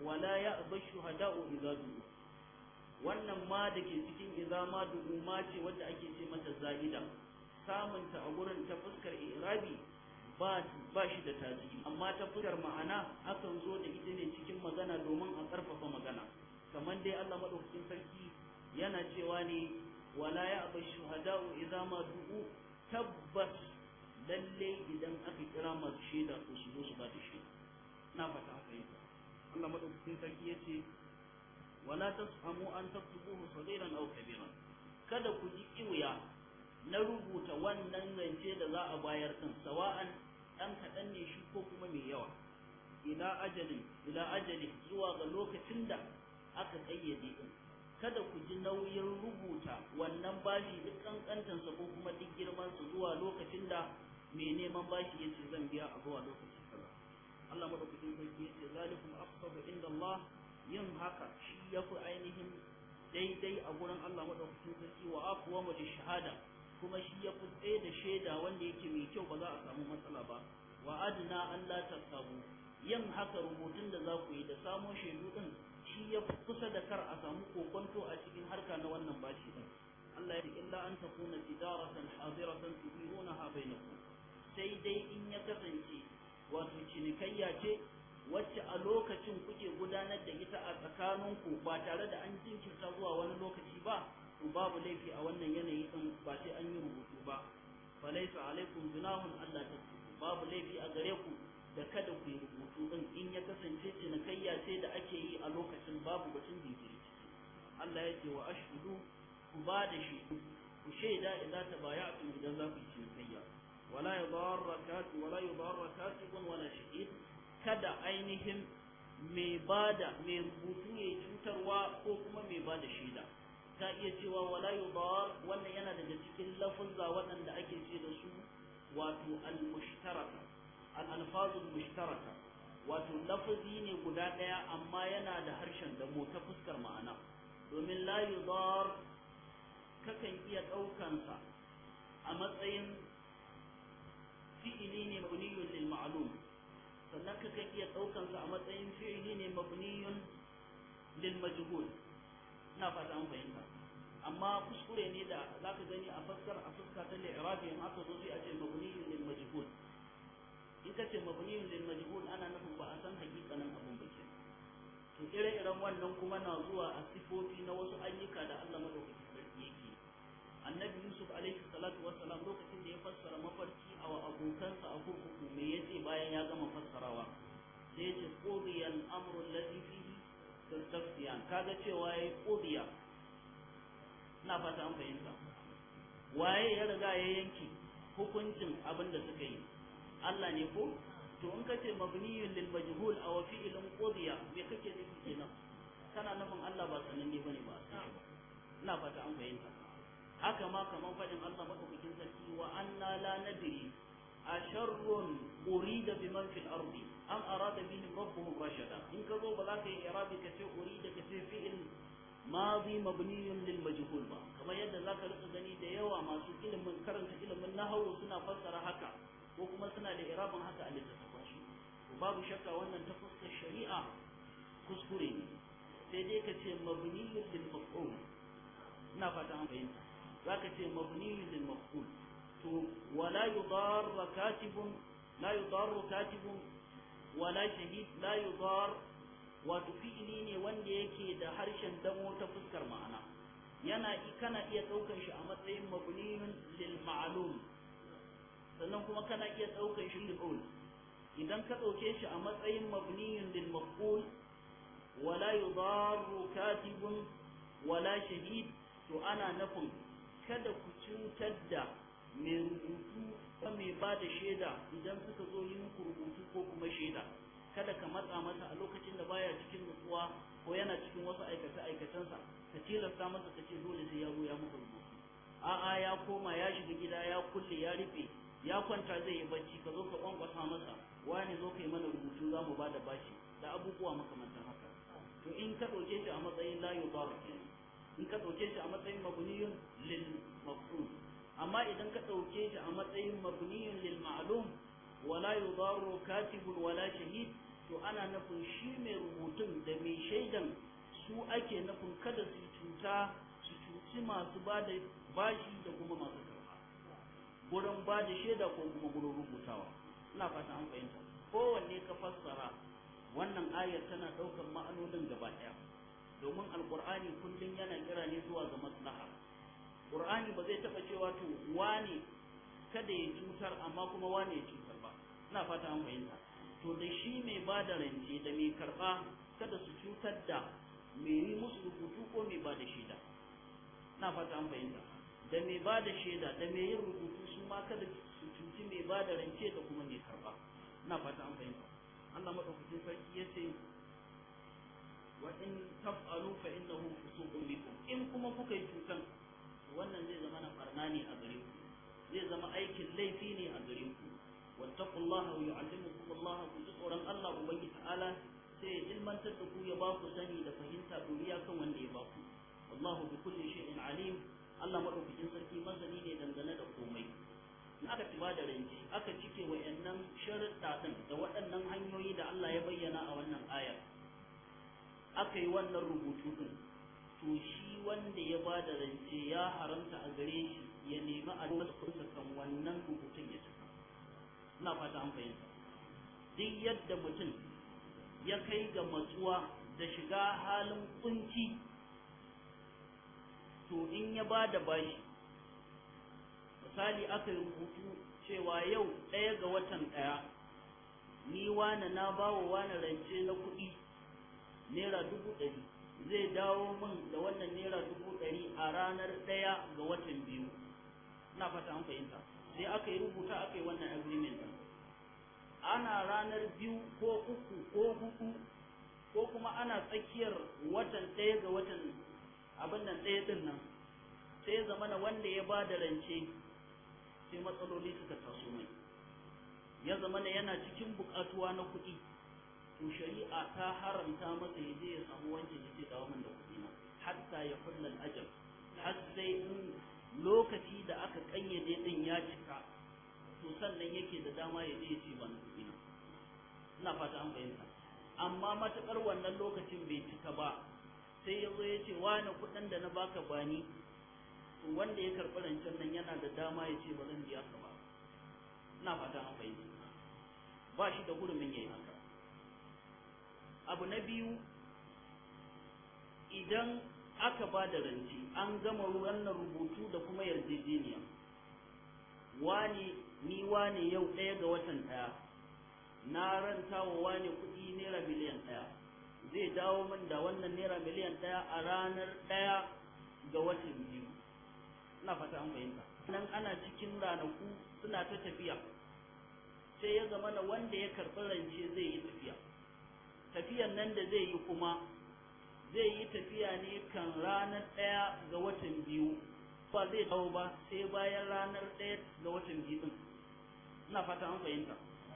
wala ya abai shuhada'u idza du'u wannan ma da ke cikin idza ma du'u ma ce wadda ake ce mata za'ida samunta a gurin ta fuskar irabi ba shi da tasiri amma ta fuskar ma'ana akan zo da ita ne cikin magana domin a ƙarfafa magana kamar dai Allah madaukakin sarki yana cewa ne wala ya aba shuhada'u idza ma du'u tabbas lalle idan aka kira masu shaida ko su zo su ba da shaida na fata haka yi Allah madaukakin sarki yace wala tasamu an taktubuhu sadiran aw kabiran kada ku ji kiwaya na rubuta wannan zance da za a bayar kan sawa'an dan kaɗan ne shi ko kuma mai yawa ila ajalin ila ajali zuwa ga lokacin da aka kayyade ɗin? kada ku ji nauyin rubuta wannan bashi duk ƙanƙantansa ko kuma duk girman zuwa lokacin da mai neman bashi yace zan biya a zuwa lokacin kaza Allah madaukakin sarki yace zalikum afsahu inda Allah yin haka shi yafi ainihin daidai a gurin Allah madaukakin sarki wa aqwamu lishahada shahada kuma shi ya fi tsaye da shaida wanda yake mai kyau ba za a samu matsala ba wa adina Allah samu yin haka rubutun da za ku yi da samo shaidu din shi ya fi kusa da kar a samu kokonto a cikin harka na wannan bashi din Allah ya ce illa an takuna tijaratan hadiratan tuhirunaha ku. sai dai in ya kasance wato cinikayya ce wacce a lokacin kuke gudanar da ita a tsakaninku ba tare da an jinkirta zuwa wani lokaci ba to babu laifi a wannan yanayi din ba sai an yi rubutu ba falaisa alaikum junahun Allah ta babu laifi a gare ku da kada ku yi rubutu din in ya kasance cinikayya ce da ake yi a lokacin babu batun jinkiri Allah ya ce wa ashhudu ku ba da shi ku shaida idan ta baya idan za ku yi cinikayya wala yudarra katib wala yudarra katibun wala shahid kada ainihin mai bada mai rubutu ya cutarwa ko kuma mai bada shaida ka iya cewa wala yudar wannan yana daga cikin lafunza waɗanda ake ce da su wato al-mushtaraka al-alfazul mushtaraka wato lafazi ne guda ɗaya amma yana da harshen da ta fuskar ma'ana domin la yudar kakan iya ɗaukansa a matsayin fi'ili ne mabniyun lil ma'lum sannan kakan iya ɗaukansa a matsayin fi'ili ne mabniyun lil majhul ina fata an fahimta amma kuskure ne da za ka gani a fassar a fuska ta li'irabi ma ka zo sai a ce mabniyun lil majhul in ka ce mabniyun lil majhul ana nufin ba a san hakikanin abun ba ke to ire-iren wannan kuma na zuwa a sifofi na wasu ayyuka da Allah madaukakin sarki yake annabi yusuf alaihi salatu wassalam lokacin da ya fassara mafarki a wa abokansa a kurkuku me yace bayan ya gama fassarawa sai ya ce qudiyal amru allazi fi tastaftiyan kaga cewa yayi qudiya ina fata an fahimta waye ya riga ya yanke hukuncin abin da suka yi Allah ne ko to in kace mabniyun lil majhul aw fi'lun qudiya me kake nufi kenan kana nufin Allah ba sananne bane ba ina fata an fahimta haka ma kaman fadin Allah madaukakin sarki wa anna la nadri asharrun urida bi man fil ardi am arada bi ba rashada in ka zo ba za ka yi irabi ka ce da ka ce fi'il madi mabniyun lil majhul ba kamar yadda za ka rika gani da yawa masu ilimin karanta ilimin nahawu suna fassara haka ko kuma suna da irabin haka a littattafan shi babu shakka wannan ta fuskar shari'a kuskure ne sai dai ka ce mabniyun lil maf'ul ina fata an fahimta za ka ce mabniyun lil maf'ul المكتوب ولا يضار كاتب لا يضار كاتب ولا شهيد لا يضار wato fi'ili ne wanda yake da harshen damo ta fuskar ma'ana yana kana iya ɗaukar shi a matsayin sannan kuma kana iya ɗaukar shi lil idan ka ɗauke shi a matsayin mabniyun lil maf'ul wala yudarru katibun wala shahid to ana nufin kada ku cutar da mai rubutu ko mai ba da shaida idan suka zo yi muku rubutu ko kuma shaida kada ka matsa masa a lokacin da baya cikin nutsuwa ko yana cikin wasu aikace aikacensa ka tilasta masa ka ce dole sai ya zo ya muku rubutu a'a ya koma ya shiga gida ya kulle ya rufe ya kwanta zai yi bacci ka zo ka kwankwasa masa wani zo ka yi mana rubutu za mu ba da bashi da abubuwa makamantar haka to in ka ɗauke shi a matsayin layu ba in ka ɗauke shi a matsayin amma idan ka ɗauke shi a matsayin mabniyin lil ma'lum wala yudarru katibun wala shahid to ana nufin shi mai rubutun da mai shaidan su ake nufin kada su cuta su cuci masu ba da bashi da kuma masu karfa gurin ba da shaida ko kuma gurin rubutawa ina fata an fahimta kowanne ka fassara wannan ayar tana ɗaukar ma'anonin gaba ɗaya domin alƙur'ani kullum yana kira ne zuwa ga maslaha qur'ani ba zai taba cewa to wane kada ya cutar amma kuma wane ya cutar ba ina fata an fahimta to da shi mai ba da rance da mai karba kada su cutar da mai yi musu rubutu ko mai ba da shaida ina fata an fahimta da mai ba da shaida da mai yin rubutu su ma kada su cuci mai ba da rance da kuma mai karba ina fata an fahimta Allah madaukakin sarki ya ce wa in taf'alu fa innahu fusuqun bikum in kuma kuka yi cutan wannan zai zama na farna ne a gare ku zai zama aikin laifi ne a gare ku wattaqullaha wa yu'allimukum Allah ku tsoron Allah ubangi ta'ala sai ya ilmantar da ku ya ba ku sani da fahimta duniya kan wanda ya ba ku wallahu bi kulli shay'in alim Allah madaukakin sarki mazani ne dangane da komai in aka ci da ranci aka cike 'yannan sharuɗa din da waɗannan hanyoyi da Allah ya bayyana a wannan ayar aka yi wannan rubutu din to shi wanda ya ba da rance ya haramta a gare shi ya nemi a lokacin kan wannan rubutun ya cika ina fata an fahimta duk yadda mutum ya kai ga matsuwa da shiga halin kunci to in ya ba da bashi misali aka yi rubutu cewa yau ɗaya ga watan ɗaya ni wane na bawa wane rance na kuɗi naira dubu ɗari zai dawo min da wannan naira dubu ɗari a ranar ɗaya ga watan biyu na fata an fahimta sai aka yi rubuta aka yi wannan agreement ɗin ana ranar biyu ko uku ko hudu ko kuma ana tsakiyar watan ɗaya ga watan abin nan ɗaya ɗin nan sai na wanda ya ba da rance sai matsaloli suka taso mai ya na yana cikin buƙatuwa na kuɗi to shari'a ta haramta masa ya je ya samu wanke ya ce dawo da kuɗi na hatta ya kulla ajal har sai in lokaci da aka da din ya cika to sannan yake da dama ya je ya ci ban kuɗi na ina fata an bayyana amma matakar wannan lokacin bai cika ba sai ya zo ya ce wani kuɗin da na baka bani wanda ya karɓi rancen nan yana da dama ya ce ba zan biya ka ba ina fata an bayyana ba shi da ya yi haka abu na biyu idan aka ba da rance an gama ruwan rubutu da kuma yarjejeniya wani ni wani yau ɗaya ga watan ɗaya na ranta wa wani kuɗi naira miliyan ɗaya zai dawo min da wannan naira miliyan ɗaya a ranar ɗaya ga watan biyu ina fata an fahimta nan ana cikin ranaku suna ta tafiya sai ya zama na wanda ya karɓi rance zai yi tafiya tafiyan nan da zai yi kuma zai yi tafiya ne kan ranar ɗaya ga watan biyu ba zai dawo ba sai bayan ranar ɗaya ga watan biyu ɗin ina fata an fahimta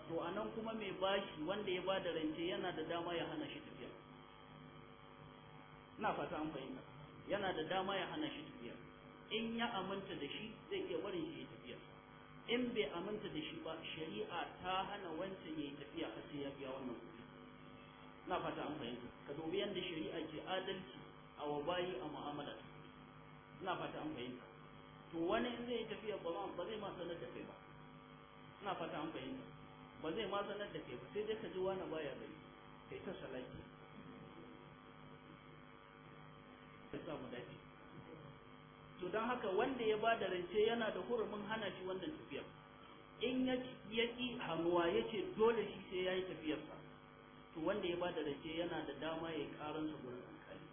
to a nan kuma mai bashi wanda ya bada rance yana da dama ya hana shi tafiya ina fata an fahimta yana da dama ya hana shi tafiya in ya aminta da shi zai iya barin shi ya tafiya in bai aminta da shi ba shari'a ta hana wancan ya yi tafiya a sai ya biya wannan kuɗi na fata an fahimta ka dubi yadda shari'a ke adalci a wabayi a mu'amala na fata an fahimta to wani in zai tafiya ba ma ba zai ma sanar da kai ba na fata an fahimta ba zai ma sanar da kai ba sai dai ka ji wani baya gari kai ta salaki. ka samu dace to don haka wanda ya ba da rance yana da hurumin hana shi wannan tafiyar in ya ki hannuwa ya ce dole shi sai ya yi tafiyarsa to wanda ya bada rake yana da dama ya karan su gurin alkali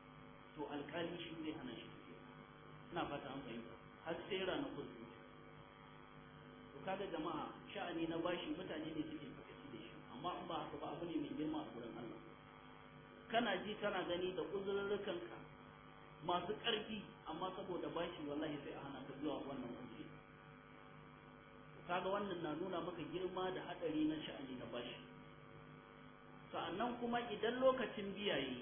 to alkali shi zai hana shi ina fata an fahimta har sai ranakun kuzi to kaga jama'a sha'ani na bashi mutane ne suke fakaci da shi amma in ba haka ba abu ne mai girma a gurin Allah kana ji kana gani da ka. masu ƙarfi amma saboda bashi wallahi sai a hana ka zuwa wannan waje kaga wannan na nuna maka girma da hadari na sha'ani na bashi sa'annan kuma idan lokacin biyaye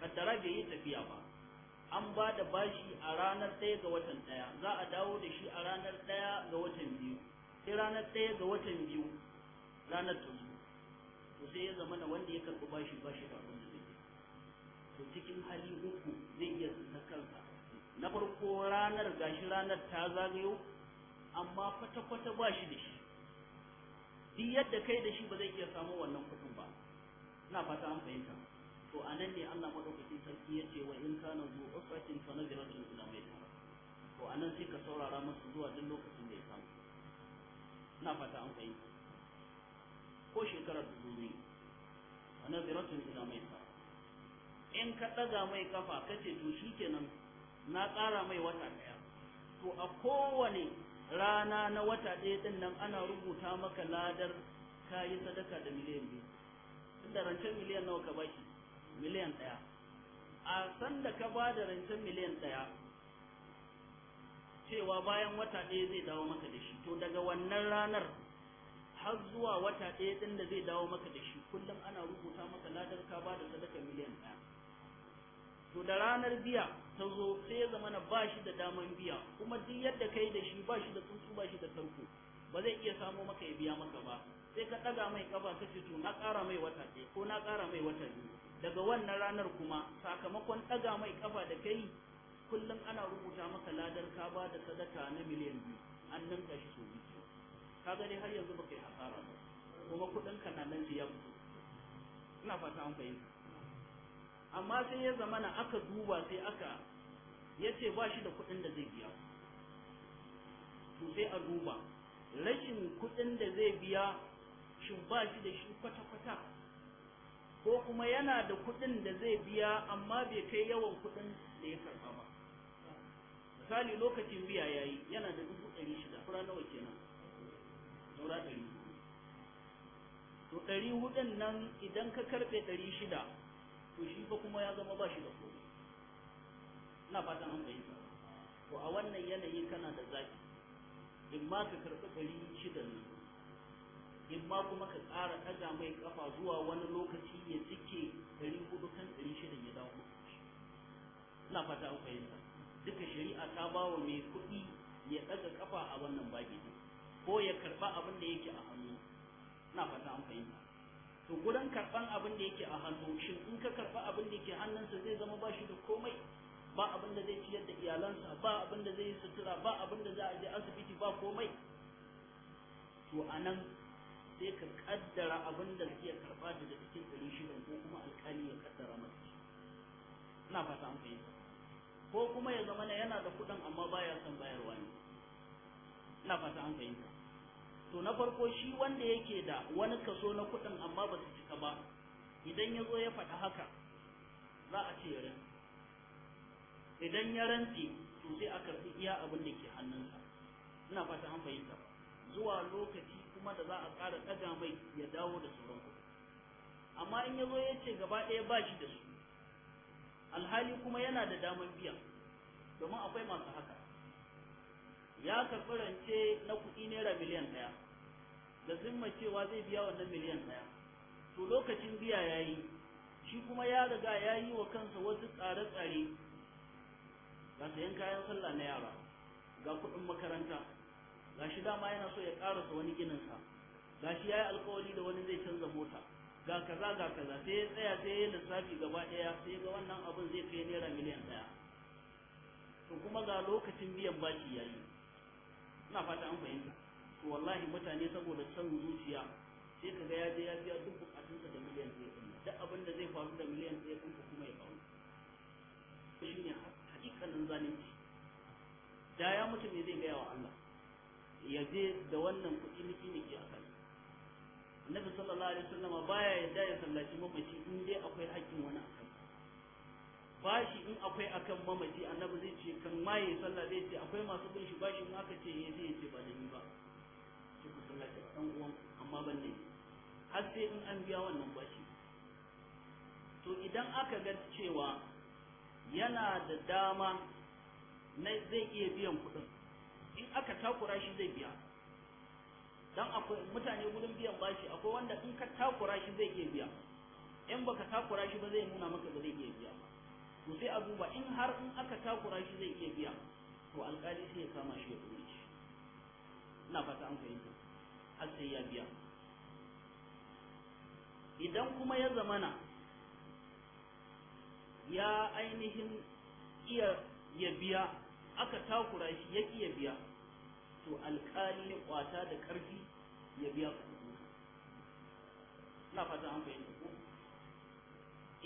kaddara bai yi tafiya ba an ba da bashi a ranar ɗaya ga watan ɗaya za a dawo da shi a ranar ɗaya ga watan biyu sai ranar ɗaya ga watan biyu ranar ta to sai ya zama na wanda ya karɓi bashi bashi da abin da zai to cikin hali uku zai iya na kansa na farko ranar gashi ranar ta zagayo amma kwata-kwata ba shi da shi duk yadda kai da shi ba zai iya samu wannan kuɗin ba ina fata an fahimta to a nan ne Allah madaukaki sarki ya ce wa in kana zu usratin fa nadiratun ila maita to a nan sai ka saurara musu zuwa duk lokacin da ya samu ina fata an fahimta ko shekarar dubu ne fa nadiratun ila maita in ka ɗaga mai kafa kace to shikenan na ƙara mai wata ɗaya to a kowane rana na wata ɗaya ɗin nan ana rubuta maka ladar ka yi sadaka da miliyan biyu tunda rancen miliyan nawa ka baki miliyan ɗaya a san da ka ba da rancen miliyan ɗaya cewa bayan wata ɗaya zai dawo maka da shi to daga wannan ranar har zuwa wata ɗaya ɗin da zai dawo maka da shi kullum ana rubuta maka ladar ka ba da sadaka miliyan ɗaya to da ranar biya ta zo sai ya zama na ba shi da daman biya kuma duk yadda ka yi da shi ba shi da tsuntsu ba shi da tarko ba zai iya samo maka ya biya maka ba sai ka ɗaga mai ƙafa ka ce to na ƙara mai wata ɗaya ko na ƙara mai wata biyu daga wannan ranar kuma sakamakon ɗaga mai ƙafa da kai kullum ana rubuta maka ladar ka ba da sadaka na miliyan biyu an ninka shi so biyu ka gani har yanzu baka yi hasara ba kuma kuɗinka na nan ya ina fata an fahimta amma sai ya zamana aka duba sai aka ya ce ba shi da kuɗin da zai biya to sai a duba rashin kuɗin da zai biya shin ba shi da shi kwata-kwata ko kuma yana da kuɗin da zai biya amma bai kai yawan kuɗin da ya karɓa ba misali lokacin biya ya yi yana da dubu ɗari shida kura nawa kenan saura ɗari to ɗari hudun nan idan ka karɓe ɗari shida to shi kuma ya zama ba shi da komai na fatan an fahimta to a wannan yanayi kana da zaki in ma ka karɓi ɗari shida nan in ma kuma ka ƙara ɗaga mai ƙafa zuwa wani lokaci ya cike ɗari hudu kan ɗari shida ya dawo na fata an fahimta duka shari'a ta ba wa mai kuɗi ya ɗaga ƙafa a wannan bagi ko ya karɓa abin da yake a hannu na fata an fahimta to gudan karban abin da yake a hannu shin in ka karba abin da yake hannunsa zai zama ba shi da komai ba abin da zai ciyar da iyalansa ba abin da zai yi sutura ba abin da za a je asibiti ba komai to a nan sai ka kaddara abin da zai karba daga cikin ɗari shida ko kuma alƙali ya kaddara masa ina fata an fahimta ko kuma ya zama yana da kuɗin amma baya son bayarwa ne ina fata an fahimta to na farko shi wanda yake da wani kaso na kuɗin amma ba su cika ba idan ya zo ya faɗi haka za a ce idan ya rantse to sai a karɓi iya abin da ke hannunsa ina fata an fahimta zuwa lokaci kuma da za a ƙara ɗaga mai ya dawo da sauran kuɗi amma in ya zo ya ce gaba ɗaya ba shi da su alhali kuma yana da damar biya domin akwai masu haka ya karɓi rance na kuɗi naira miliyan ɗaya da zimma cewa zai biya wannan miliyan ɗaya to lokacin biya ya yi shi kuma ya riga ya yi wa kansa wasu tsare-tsare ga sayan kayan sallah na yara ga kuɗin makaranta ga shi dama yana so ya ƙarasa wani gininsa ga shi ya yi alkawari da wani zai canza mota ga kaza ga kaza sai ya tsaya sai ya lissafi gaba ɗaya sai ga wannan abin zai kai naira miliyan ɗaya to kuma ga lokacin biyan baki yayi ina fata an fahimta to wallahi mutane saboda son zuciya sai kaga ya je ya biya duk bukatunsa da miliyan ɗaya ɗin duk abin da zai faru da miliyan ɗaya ɗin ka kuma ya faru shi ne hakikanin zalunci da ya mutum ne zai gaya wa Allah ya je da wannan kuɗi miki miki a akan annabi sallallahu alaihi wasallam baya yadda ya sallaci mamaci in dai akwai haƙƙin wani akan bashi in akwai akan mamaci annabi zai ce kan maye sallah zai ce akwai masu bin shi bashi in aka ce ya zai ce ba da ni ba ce ku sallah ta dan uwan amma ban ne har sai in an biya wannan bashi to idan aka ga cewa yana da dama na zai iya biyan kuɗin in aka takura shi zai biya dan akwai mutane gudun biyan bashi akwai wanda in ka takura shi zai iya biya in baka takura shi ba zai nuna maka ba zai iya biya ba to sai a duba in har in aka takura shi zai iya biya to alƙali sai ya kama shi ya kuma shi ina fata an fahimta har sai ya biya idan kuma ya zamana ya ainihin iya ya biya aka takura shi ya iya biya to alƙali ya kwata da ƙarfi ya biya kuɗi ina fata an fahimta ko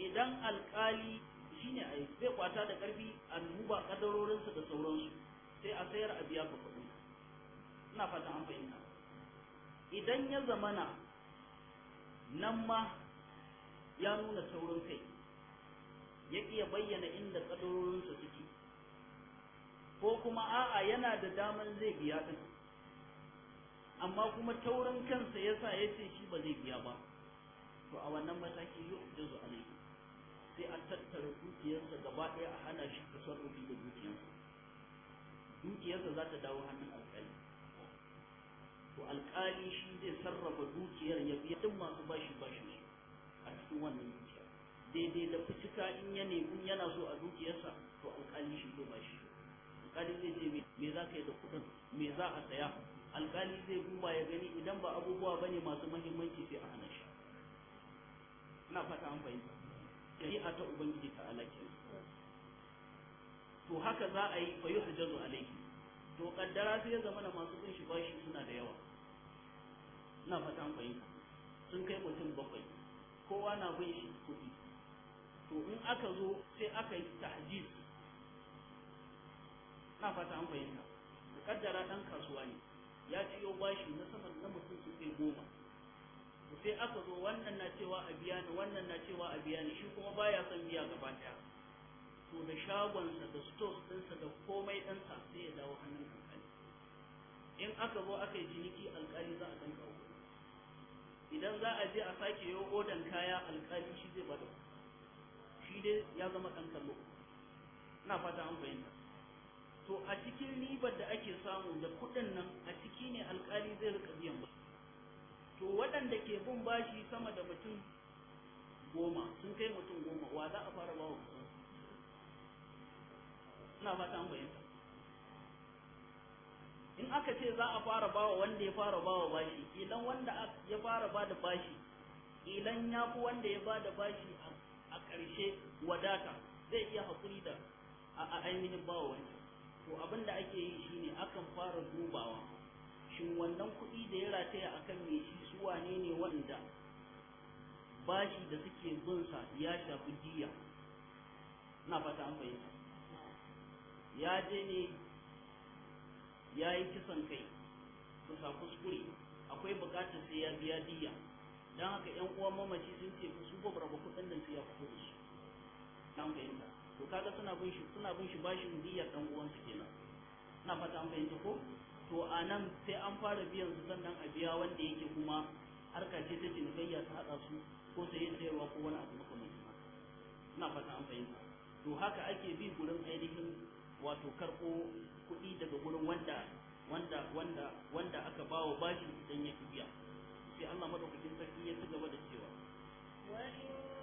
idan alƙali shine ai zai kwata da karfi a duba kadarorinsu da sauransu sai a sayar a biya ka kuɗi ina fata an fahimta idan ya zamana nan ma ya nuna saurin kai ya iya bayyana inda kadarorinsa suke ko kuma a'a yana da daman zai biya din amma kuma taurin kansa yasa ya ce shi ba zai biya ba to a wannan mataki yau jazu alaihi sai an tattara dukiyarsa gaba ɗaya a hana shi tasarrufi da dukiyarsa dukiyarsa za ta dawo hannun alƙali to alƙali shi zai sarrafa dukiyar ya biya duk masu bashi bashi a cikin wannan dukiyar daidai da fitika in ya nemi yana so a dukiyarsa to alƙali shi ko bashi alƙali zai ce me za ka yi da kuɗin me za a saya alƙali zai duba ya gani idan ba abubuwa bane masu muhimmanci sai a hana shi ina fata an fahimta shari'a ta ubangiji ta alaƙi to haka za a yi fa yi hujjazu alaiki to kaddara sai ya zama na masu bin shi bashi suna da yawa na fata fahimta sun kai mutum bakwai kowa na bin shi kuɗi to in aka zo sai aka yi tahjiz na fata an fahimta kaddara ɗan kasuwa ne ya ciyo bashi na saman na mutum su goma to sai aka zo wannan na cewa a biya ni wannan na cewa a biya ni shi kuma baya son biya gaba daya to da shagonsa da stores ɗinsa da komai ɗinsa sai ya dawo hannun alƙali in aka zo aka yi ciniki alƙali za a ɗan kawo idan za a je a sake yau odan kaya alƙali shi zai bada shi dai ya zama ɗan kallo na fata an fahimta to a cikin ribar da ake samu da kuɗin nan a ciki ne alƙali zai rika biyan ba to waɗanda ke bin bashi sama da mutum goma sun kai mutum goma wa za a fara bawa kusan ina fata an bayyana in aka ce za a fara bawa wanda ya fara bawa bashi idan wanda ya fara ba da bashi ilan ya fi wanda ya ba da bashi a ƙarshe wadata zai iya haƙuri da a ainihin bawa wani, to abin da ake yi shine akan fara dubawa shin wannan kuɗi da ya rataya akan me shi su wane ne wanda bashi da suke binsa ya shafi jiya na fata an fahimta ya je ne ya yi kisan kai kusa kuskure akwai bukatar sai ya biya diya don haka yan uwan mamaci sun ce su ba raba kuɗin da su ya fito da shi an fahimta to kaga suna bin shi suna bin shi bashin diya dan su kenan na fata an fahimta ko to a nan sai an fara biyan su sannan a biya wanda yake kuma harka ce ta cinikayya ta haɗa su ko yin sayarwa ko wani abu makamancin haka ina fata an fahimta to haka ake bi gurin ainihin wato karɓo kuɗi daga gurin wanda wanda wanda wanda aka bawa bashi idan ya biya sai Allah madaukakin sarki ya ci gaba da cewa